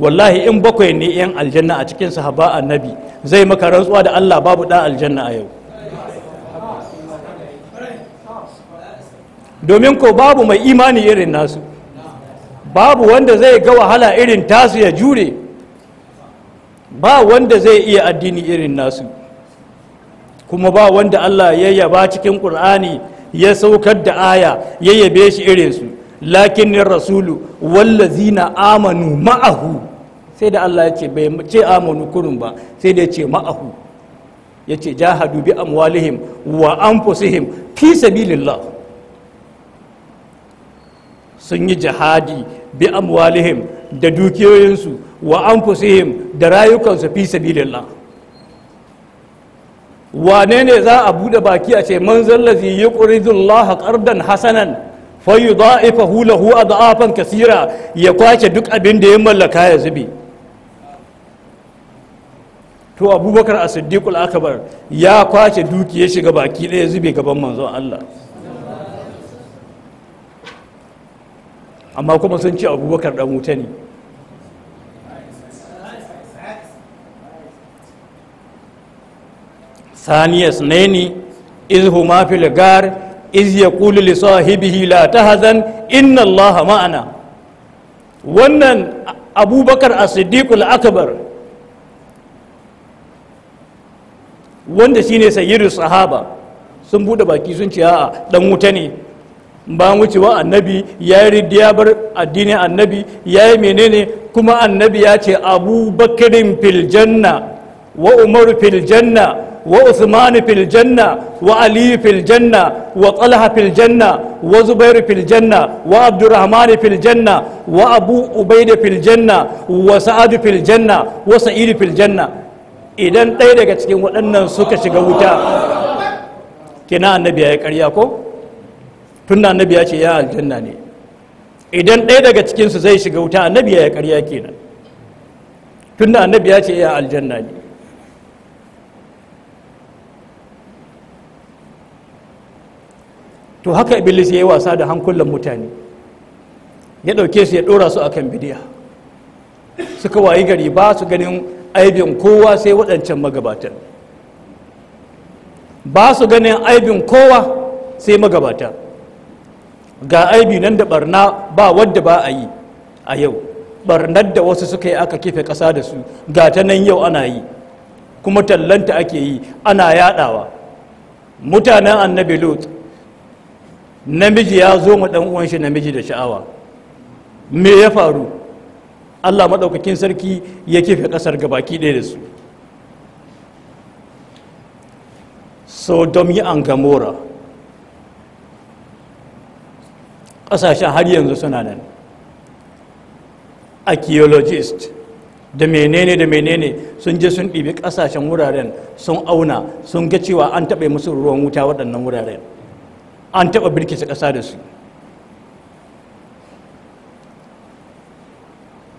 wallahi in bakwai ne 'yan aljanna a cikin sahaba annabi zai maka rantsuwa da allah babu ɗan aljanna a yau domin ko babu mai imani irin nasu babu wanda zai ga wahala irin tasu ya jure ba wanda zai iya addini irin nasu kuma ba wanda Allah ya yaba cikin Qur'ani ya saukar da aya ya yabe shi irin su lakin rasulu wallazina amanu ma'ahu sai da Allah ya ce bai ce amanu kurun ba sai da ya ce ma'ahu ya ce jahadu bi amwalihim wa anfusihim fi sabilillah sun yi jihadi bi amwalihim da dukiyoyinsu wa anfusihim da rayukansu fi sabilillah wane ne za a buɗe baki a ce man zallazi ya ƙuridullaha ƙardan hasanan fayu da'ifa hulahu a da'afan kasira ya kwace duk abin da ya mallaka ya zubi to abubakar a siddiqul akbar ya kwace dukiya shiga baki ɗaya zube gaban manzon allah amma kuma sun ce abubakar ɗan wuta ne ثانية اثنين إذ هما في الغار إذ يقول لصاحبه لا تهزن إن الله معنا wannan abubakar as-siddiqul akbar wanda shine sayyidu sahaba sun bude baki sun ce a'a dan wuta ne ba wucewa annabi ya yi riddiyabar addinin annabi ya yi menene kuma annabi ya ce abubakarin filjanna wa umaru filjanna وعثمان في الجنة وعلي في الجنة وطلحة في الجنة وزبير في الجنة وعبد الرحمن في الجنة وأبو عبيد في الجنة وسعد في الجنة وسعيد في الجنة idan ɗaya daga cikin waɗannan suka shiga wuta kina annabi ya yi ko tun da ce ya aljanna ne idan ɗaya daga cikinsu zai shiga wuta annabi ya kenan tun ce ya aljanna ne to haka iblis ya yi wasa da hankulan mutane ya ɗauke su ya ɗora su a kan bidiya suka wayi gari ba su ganin aibin kowa sai waɗancan magabatan ba su ganin aibin kowa sai magabata ga aibi nan da barna ba wadda ba a yi a yau barnar da wasu suka yi aka kife ƙasa da su ga ta nan yau ana yi kuma tallanta ake yi ana yaɗawa mutanen annabi lut namiji ya zo ma dan uwan shi namiji da sha'awa me ya faru Allah madaukakin sarki ya kife kasar gabaki ɗaya da su sodom yi an gamora har yanzu suna nan archaeologist da menene da menene sun je sun ɗibi ƙasashen wuraren sun auna sun ga cewa an taɓa musu ruwan wuta waɗannan wuraren an taɓa birkice ƙasa da su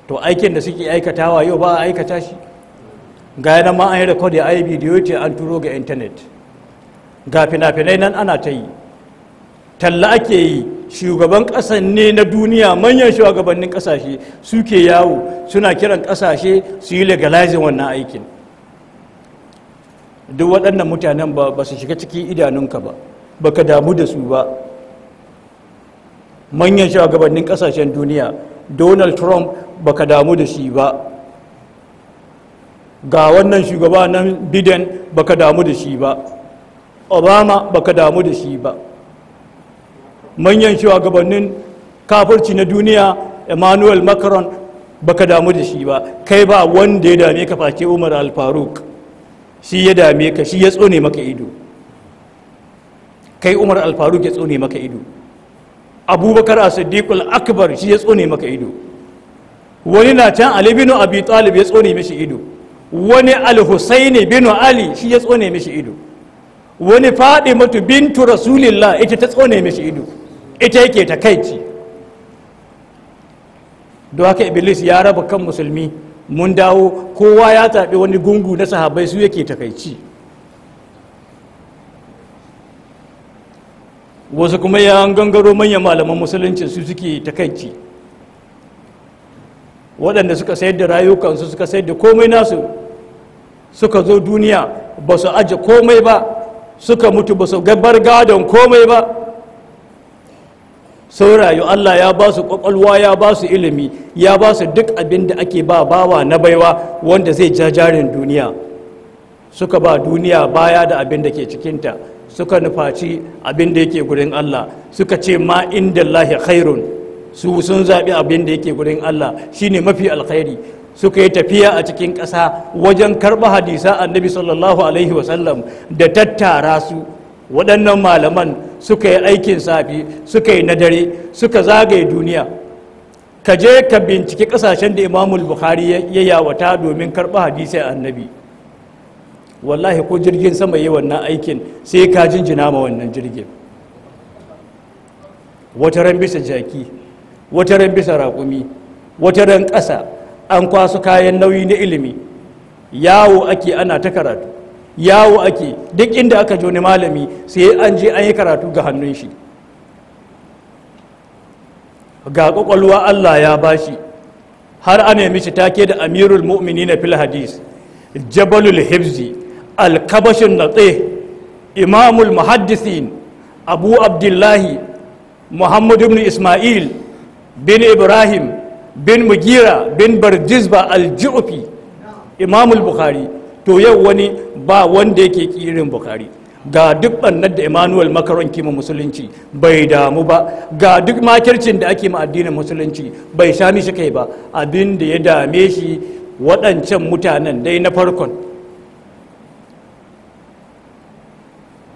to aikin da suke aikatawa yau ba a aikata shi ga yana ma an yi rekod ya yi bidiyo ce an turo ga intanet ga fina-finai nan ana ta yi talla ake yi shugaban ƙasan ne na duniya manyan shugabannin ƙasashe suke yawo suna kiran ƙasashe su yi legalizing wannan aikin duk waɗannan mutanen ba su shiga cikin idanunka ba baka damu da su ba manyan shugabannin kasashen duniya donald trump baka damu da shi ba ga wannan shugaba nan biden baka damu da shi ba obama baka damu da shi ba manyan shugabannin kafirci na duniya emmanuel macron baka damu da shi ba kai ba wanda ya dame ka face umar alfaruk faruk shi ya dame ka shi ya tsone maka ido kai umar alfaruk ya tsone maka ido abubakar asiddiqul akbar shi ya tsone maka ido wani na can ali bin abi talib ya tsone mishi ido wani al-husaini bin ali shi ya tsone mishi ido wani fadimatu bintu rasulillah ita ta tsone mishi ido ita yake ta kaici don haka iblis ya raba kan musulmi mun dawo kowa ya zaɓi wani gungu na sahabai su yake takaici wasu kuma ya gangaro manyan malaman musulunci su suke takaici waɗanda suka sayar da rayukansu suka sayar da komai nasu suka zo duniya ba su aje komai ba suka mutu ba su gabar gadon komai ba sau rayu allah ya ba su ƙwaƙwalwa ya ba su ilimi ya ba su duk abin da ake ba bawa na baiwa wanda zai jajarin duniya suka ba duniya baya da abin da ke cikinta suka nufaci abin da yake gurin Allah suka ce ma inda Allah khairun su sun zaɓi abin da yake gurin Allah shine mafi alkhairi suka yi tafiya a cikin ƙasa wajen karɓa hadisa annabi sallallahu alaihi wasallam da tattara su waɗannan malaman suka yi aikin safi suka yi na dare suka zagaye duniya ka je ka binciki ƙasashen da imamul bukhari ya yawata domin karɓa hadisai annabi wallahi ko jirgin sama yi wannan aikin sai ka jinjina ma wannan jirgin wata ran bisa jaki wata ran bisa raƙumi wata ran ƙasa an kwasu kayan nauyi na ilimi yawo ake ana ta karatu yawo ake duk inda aka ji malami sai an je an yi karatu ga hannun shi ga ƙwaƙwalwa allah ya bashi har ana mishi take da amirul mu'mini na fil hadis jabalul hibzi alkabashin natse imamul muhaddisin abu abdullahi muhammadu ibn ismail bin ibrahim bin mugira bin bardisba aljiufi imamul bukhari to yau wani ba wanda yake kirin bukhari ga duk bannar da emmanuel makaron kima musulunci bai damu ba ga duk makircin da ake ma addinin musulunci bai sha mishi kai ba abin da ya dame shi waɗancan mutanen dai na farkon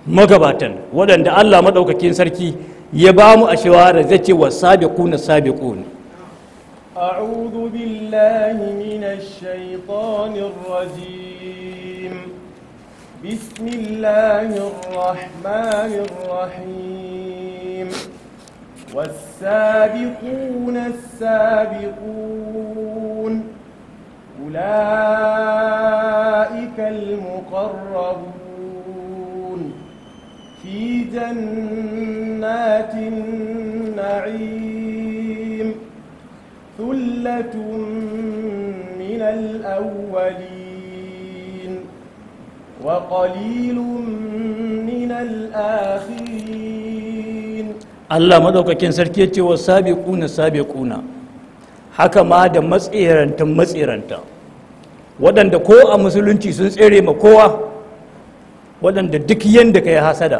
magabatan waɗanda Allah maɗaukakin sarki ya bamu mu a shawara zai ce wa sabiquna sabiqun a'udhu billahi minash shaitanir rajim bismillahir rahmanir rahim was-sabiquna as ثلة من الأولين وقليل من الآخرين الله مدوكاكين سركيتي haka ma da matsirantan matsiranta waɗanda ko a musulunci sun tsere ma kowa waɗanda duk yadda ka yi hasada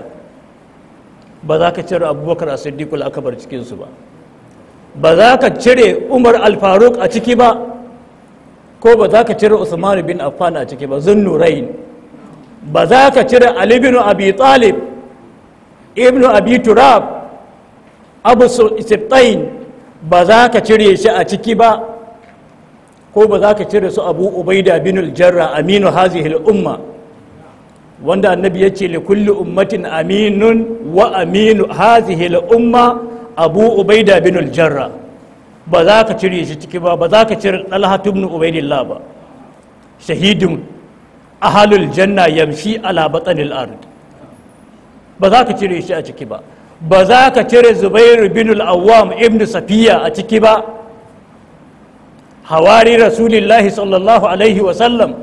ba za ka cire abubakar a siddiqul akabar cikinsu ba ba za ka cire umar alfaruk a ciki ba ko ba za ka cire usman bin affan a ciki ba zunnurain ba za ka cire ali bin abi talib ibnu abi turab abu sibtain ba za ka cire shi a ciki ba ko ba za ka cire su abu ubaida bin jarra aminu hazihil umma wanda annabi ya ce li kulli ummatin aminun wa aminu hazihil umma abu ubaida bin jarra ba za ka cire shi ciki ba ba za ka cire ɗalhatu bin ubaidillah ba shahidin ahalul janna yamshi ala batsanil ard ba za ka cire shi a ciki ba ba za ka cire zubairu bin al-awwam ibn safiya a ciki ba hawari rasulillahi sallallahu alaihi wasallam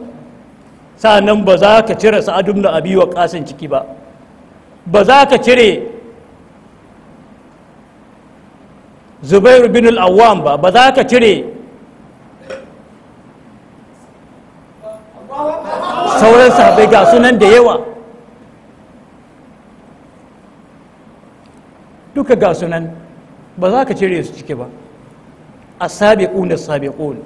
sa'annan ba za ka cire sa'ad ibn abi wa ciki ba ba za ka cire zubairu bin al'awam ba ba za ka cire sauran sahabai ga sunan da yawa duka ga sunan ba za ka cire su cike ba a sabiquna sabiqun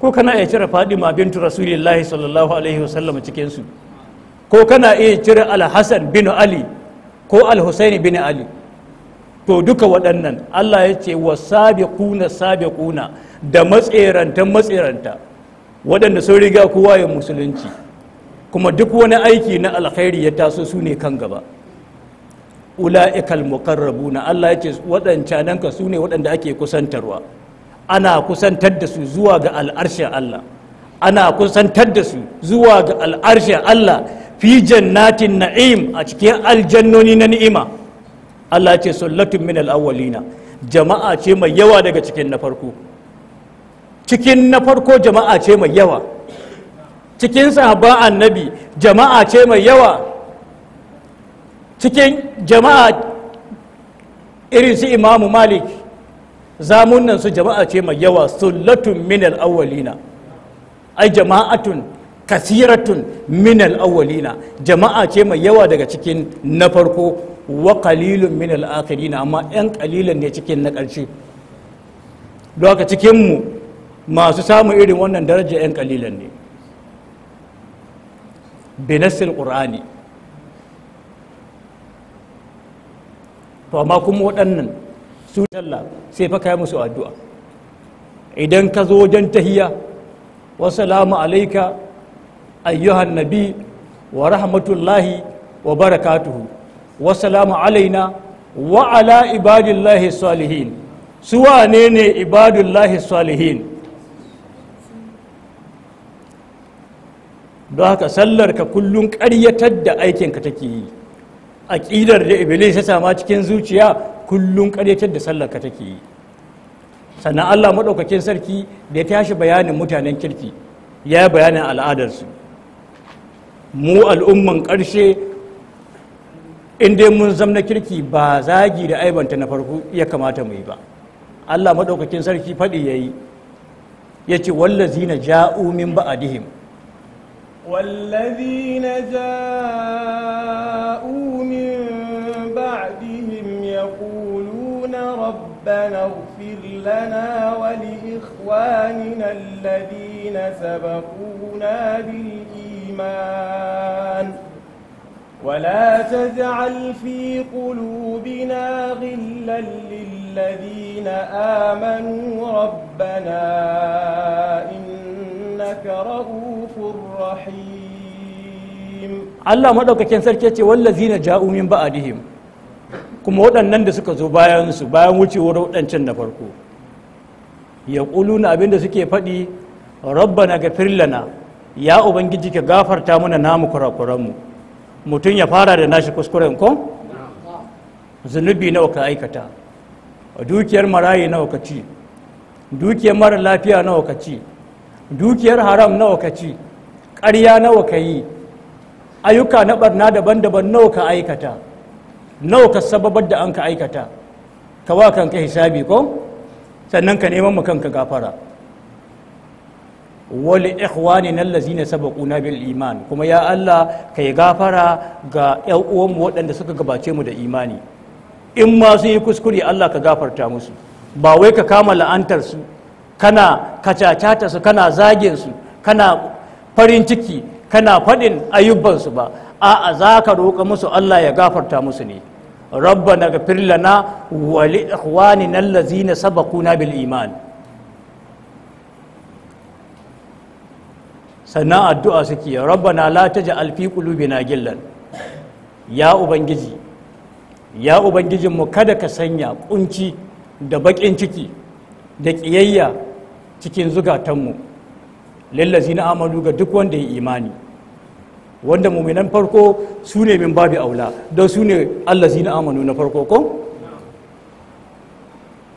ko kana iya cire fadima bintu rasulillahi sallallahu alaihi wasallam cikin su ko kana iya cire alhassan bin ali ko alhussaini bin ali to duka waɗannan Allah ya ce wa kuna sabiquna kuna da matseranta matseranta waɗanda sun riga kowa ya musulunci kuma duk wani aiki na alkhairi ya taso su ne kan gaba ula'ikal muqarrabuna Allah ya ce waɗancanan ka su ne waɗanda ake kusantarwa ana kusantar da su zuwa ga al'arshin Allah ana kusantar da su zuwa ga al'arshin Allah fi jannatin na'im a cikin aljannoni na ni'ima Allah ce sallatun min al-awwalina jama'a ce mai yawa daga cikin na farko cikin na farko jama'a ce mai yawa cikin sahaba annabi jama'a ce mai yawa cikin jama'a irin su imamu malik zamunan su jama'a ce mai yawa sullatun min al-awwalina ai jama'atun kasiratun min al-awwalina jama'a ce mai yawa daga cikin na farko wa qalilun min al-akhirin amma yan kalilan ne cikin na ƙarshe doka cikinmu mu masu samun irin wannan daraja yan kalilan ne bi Ƙur'ani. qur'ani to amma kuma waɗannan su Allah sai fa kai musu addu'a idan ka zo wajen tahiya, wa salamu alaika ayyuhan nabi wa rahmatullahi wa barakatuhu wasalamu alaina wa'ala ibadullahi ibadillahi salihin su Wanene ibadullahi salihin don haka sallar ka kullum ƙaryatar da aikinka take yi aƙidar da iblis ya sama cikin zuciya kullum ƙaryatar da sallar ka take yi sannan allah maɗaukakin sarki da ya tashi bayanin mutanen kirki ya yi bayanin al'adarsu mu al'umman ƙarshe in dai mun zamna kirki ba zagi da aibanta na farko ya kamata mu yi ba Allah maɗaukakin sarki faɗi ya yi ya ce wallazina ja'u min ba'dihim والذين جاءوا من بعدهم يقولون ربنا اغفر لنا ولإخواننا الذين سبقونا بالإيمان ولا تجعل في قلوبنا غلا للذين آمنوا ربنا إنك رؤوف رحيم الله ما دوك كان سركي والذين جاءوا من بعدهم kuma waɗannan da suka zo bayan su bayan wucewar waɗancan na farko ya na abin da suke faɗi rabbana gafir lana ya ubangiji ka gafarta mana namu kurakuranmu mutum ya fara da nashi kuskuren ko zunubi nawa ka aikata dukiyar marayi nawa ka ci dukiyar mara lafiya nawa ka ci dukiyar haram nawa ka ci ƙarya nawa ka yi ayyuka na barna daban-daban nawa ka aikata nawa ka sababar da an ka aikata ka wa kanka hisabi ko sannan ka neman mu kanka gafara wali ikhwani nan lazina kuna bil iman kuma ya Allah ka yi gafara ga yan uwanmu waɗanda suka gabace mu da imani in ma sun yi kuskure Allah ka gafarta musu ba wai ka kama la'antar su kana kacacata su kana zagin su kana farin ciki kana faɗin ayyuban su ba a'a za ka roƙa musu Allah ya gafarta musu ne rabbana gafir lana wali li ikhwani nan lazina kuna bil iman sannan addu'a suke rabbana la alfi fi qulubina gillan ya ubangiji ya ubangijinmu kada ka sanya kunci da baƙin ciki da ƙiyayya cikin zukatanmu lallazi na amalu ga duk wanda ya imani wanda muminan farko su ne min babi aula don su ne allazi na amalu na farko ko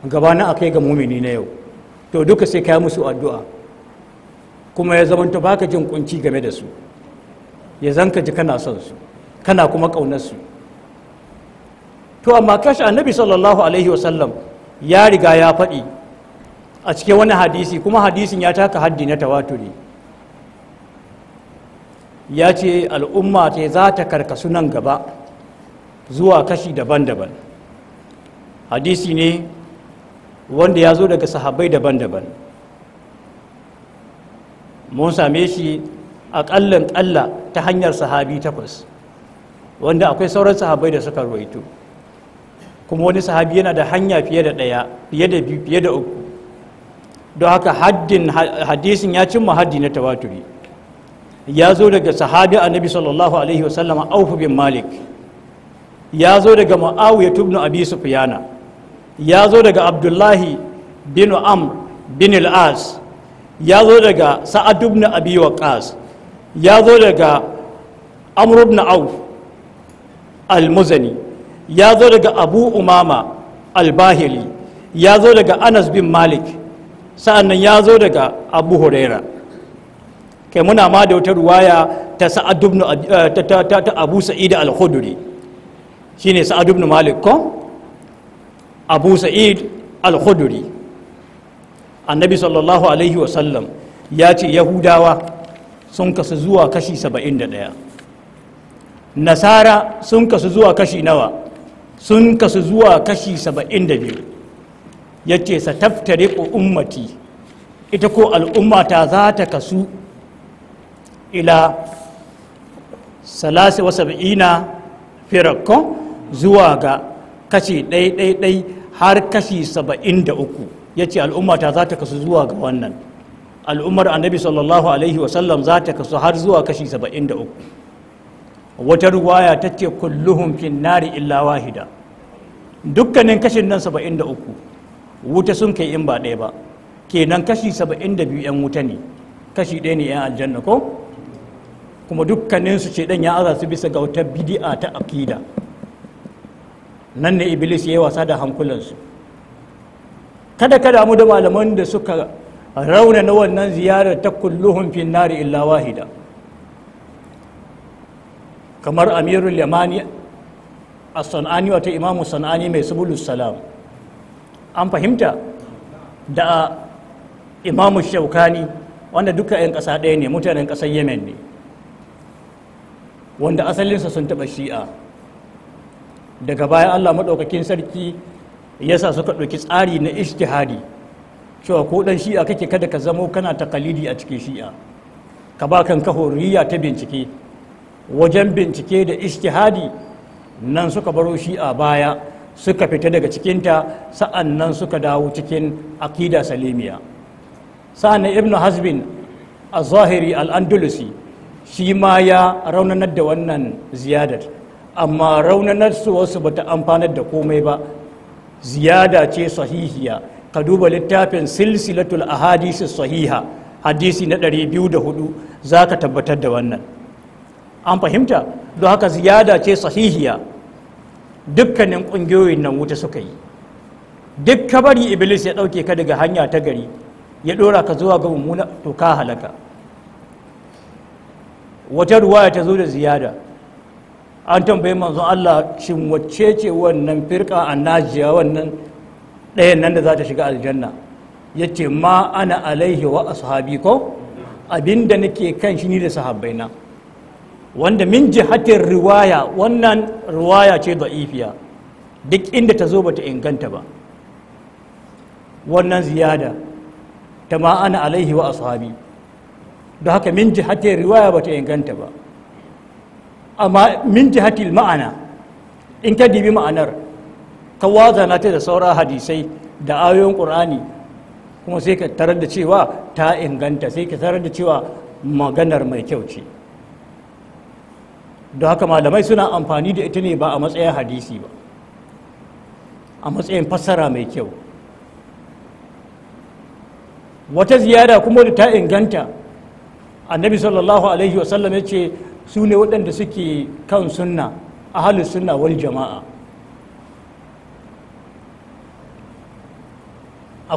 gabana a kai ga mumini na yau to duka sai kai musu addu'a kuma ya zamanta baka jin kunci game da su ya zanka ji kana son su kana kuma ƙaunar su to amma kashi annabi sallallahu alaihi wasallam ya riga ya faɗi a cikin wani hadisi kuma hadisin ya taka haddi na tawaturi ya ce al'umma ce za ta karkasu nan gaba zuwa kashi daban-daban hadisi ne wanda ya zo daga sahabbai daban-daban mun same shi a ƙallan ƙalla ta hanyar sahabi takwas wanda akwai sauran sahabai da suka ruwaito kuma wani sahabi yana da hanya fiye da ɗaya fiye da biyu fiye da uku don haka haddin hadisin ya cimma haddi na tawaturi ya zo daga sahabi annabi sallallahu alaihi wasallama aufu bin malik ya zo daga muawiya ibn abi sufiyana ya zo daga abdullahi bin amr bin al ya zo daga sa'ad ibn abi waqas ya zo daga amr ibn auf al-muzani ya zo daga abu umama al-bahili ya zo daga anas bin malik sa'annan ya zo daga abu huraira kai muna ma da wata ruwaya ta sa'ad ibn eh, abu sa'id al-khudri shine sa'ad ibn malik ko abu sa'id al-khudri annabi sallallahu alaihi wasallam ya ce yahudawa sun kasu zuwa kashi 71 nasara sun kasu zuwa kashi nawa sun kasu zuwa kashi 72 ya ce sataftare ummati ita ko al'ummata za ta kasu ila salasi wa sab'ina firakon zuwa ga kashi ɗaiɗaiɗai har kashi saba'in da uku ya ce al'ummata za ta kasu zuwa ga wannan al'ummar annabi sallallahu alaihi wasallam za ta kasu har zuwa kashi 73 wata ruwaya ta ce kulluhun nari illa wahida dukkanin kashin nan 73 wuta sun kai in ba ɗaya ba kenan kashi 72 'yan wuta ne kashi ɗaya ne 'yan aljanna ko kuma dukkaninsu ce dan ya aza su bisa ga wata bidi'a ta akida nan ne iblis ya yi wasa da hankulansu kada ka damu da malaman da suka rauna na wannan ziyarar ta kulluhun finnari illa wahida kamar amirul yamani a san'ani wata imamu san'ani mai subulus salam an fahimta da imamu shaukani wanda duka 'yan ƙasa ɗaya ne mutanen ƙasar yemen ne wanda asalinsa sun taɓa shi'a daga baya allah maɗaukakin sarki yasa suka ɗauki tsari na ishtihadi cewa ko ɗan shi'a kake kada ka zamo kana takalidi a cikin shi'a ka ba kan ka horiya ta bincike wajen bincike da ishtihadi nan suka baro shi'a baya suka fita daga cikinta sa'an nan suka dawo cikin akida salimiya sa'an ibn hasbin a zahiri al'andalusi shi ma ya raunanar da wannan ziyadar amma raunanar su wasu bata amfanar da komai ba ziyada ce sahihiya ka duba littafin silsilatul ahadisi sahiha hadisi na 204 za ka tabbatar da wannan an fahimta don haka ziyada ce sahihiya dukkanin ƙungiyoyin nan wuta suka yi duk ka bari iblis ya ɗauke ka daga hanya ta gari ya ɗora ka zuwa ga mummuna to ka halaka wata ruwaya ta zo da ziyada an tambayi manzon Allah shin wacce ce wannan firka a annajiya wannan ɗayan nan da za ta shiga aljanna ya ce ma ana alaihi wa ashabi ko abinda nake kan shi ni da sahabbaina wanda min jihatin riwaya wannan riwaya ce da'ifiya duk inda ta zo bata inganta ba wannan ziyada ta ma ana alaihi wa ashabi don haka min jihatin riwaya bata inganta ba amma min jihatil ma'ana in ka dibi ma'anar ta wazana ta da sauran hadisai da ayoyin qur'ani kuma sai ka tarar da cewa ta inganta sai ka tarar da cewa maganar mai kyau ce da haka malamai suna amfani da ita ne ba a matsayin hadisi ba a matsayin fassara mai kyau wata ziyara kuma da ta inganta annabi sallallahu alaihi wasallam ya ce su ne waɗanda suke kan sunna a halin sunna wal jama'a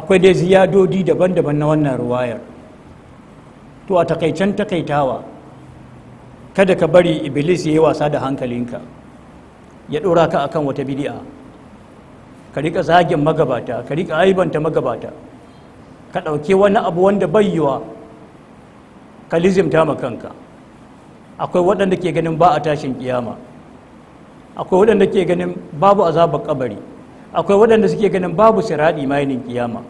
akwai dai ziyadodi daban-daban na wannan ruwayar to a takaicen takaitawa kada ka bari iblis ya yi wasa da hankalinka ya ɗora ka akan wata bidi'a ka rika zagin magabata ka rika aibanta magabata ka ɗauke wani abu wanda bayyuwa ka lizimta ma kanka akwai waɗanda ke ganin ba a tashin kiyama akwai waɗanda ke ganin babu azabar kabari akwai waɗanda suke ganin babu siradi mainin kiyama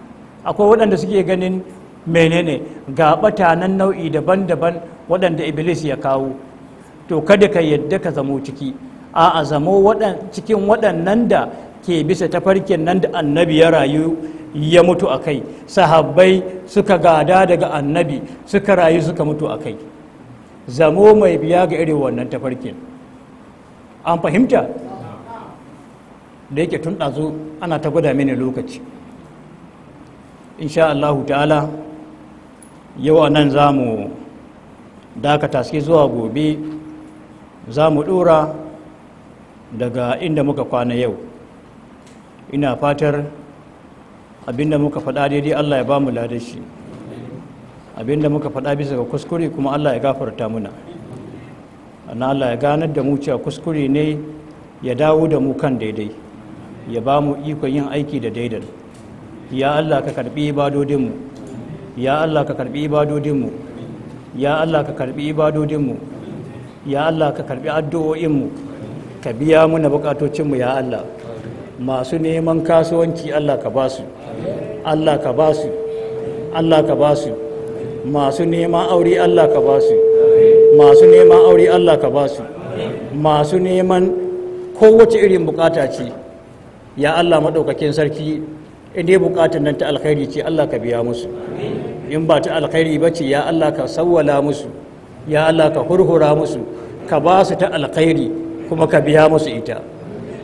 akwai waɗanda suke ganin menene ga batanan nau'i daban-daban waɗanda iblis ya kawo to kada ka yadda ka zamo ciki a zamo cikin waɗannan da ke bisa tafarkin nan da annabi ya rayu ya mutu a kai sahabbai suka gada daga annabi suka rayu suka mutu a kai zamo mai biya ga irin wannan tafarkin an fahimta da yake tun ɗazu ana ta gwada mini lokaci insha Allahu ta'ala a nan za mu dakata suke zuwa gobe za mu ɗora daga inda muka kwana yau ina fatar abinda muka faɗa daidai allah ya ba mu ladashi abinda muka faɗa bisa ga kuskure kuma allah ya gafarta muna na allah ya ganar da mu cewa kuskure ne ya dawo da mu kan daidai ya ba mu ikon yin aiki da daidai ya allah ka karbi ibadodinmu ya allah ka karbi ibadodinmu ya allah ka karbi ibadodinmu ya allah ka karbi addu'o'inmu ka biya muna bukatocinmu ya allah masu neman kasuwanci allah ka ba su allah ka ba su allah ka ba su masu neman aure Allah ka ba su masu neman aure Allah ka ba su masu neman kowace irin bukata ce ya Allah maɗaukakin sarki inda bukatan nan ta alkhairi ce Allah ka biya musu in ba ta alkhairi ba ce ya Allah ka sawwala musu ya Allah ka hurhura musu ka ba su ta alkhairi kuma ka biya musu ita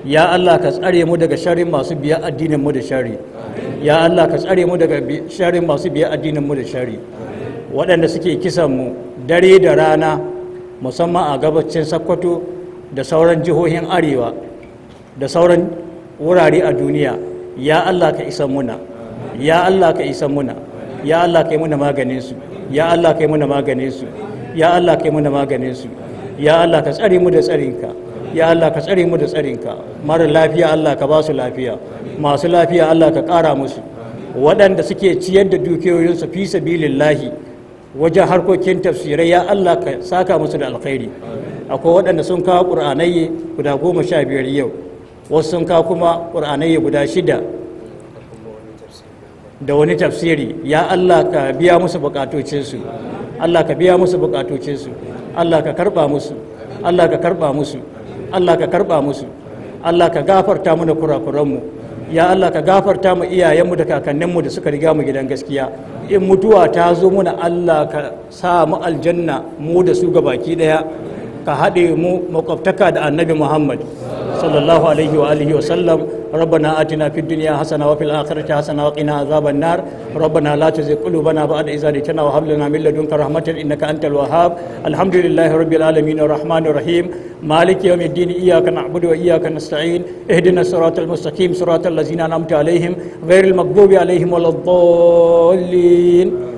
ya Allah ka tsare mu daga sharrin masu biya addinin mu da shari ya Allah ka tsare mu daga sharrin masu biya addinin mu da shari waɗanda suke kisan mu dare da rana musamman a gabacin sakkwato da sauran jihohin arewa da sauran wurare a duniya ya allah ka isa muna ya allah ka isa muna ya allah ka yi muna maganinsu ya allah ka yi muna maganinsu ya allah ka yi muna maganinsu ya allah ka tsare mu da tsarinka ya allah ka tsare mu da tsarinka mara lafiya allah ka ba su lafiya masu lafiya allah ka kara musu waɗanda suke ciyar da dukiyoyinsu fi sabilillahi wajen harkokin tafsirai ya Allah ka saka musu da alkhairi akwai waɗanda sun kawo ƙur'anai guda goma sha biyar yau wasu sun kawo kuma ƙur'anai guda shida da wani tafsiri ya Allah ka biya musu buƙatocinsu Allah ka biya musu buƙatocinsu Allah ka karɓa musu Allah ka karɓa musu Allah ka karɓa musu Allah ka gafarta mana kurakuranmu ya Allah ka gafarta mu iyayenmu da kakanninmu da suka riga mu gidan gaskiya in mutuwa ta zo muna Allah ka sa mu aljanna mu da su ga baki daya ka haɗe mu makwabtaka da annabi muhammad sallallahu alaihi wa alihi wa sallam ربنا آتنا في الدنيا حسنة وفي الآخرة حسنة وقنا عذاب النار ربنا لا تزغ قلوبنا بعد إذ هديتنا وهب لنا من لدنك رحمة إنك أنت الوهاب الحمد لله رب العالمين الرحمن الرحيم مالك يوم الدين إياك نعبد وإياك نستعين اهدنا الصراط المستقيم صراط الذين أنعمت عليهم غير المغضوب عليهم ولا الضالين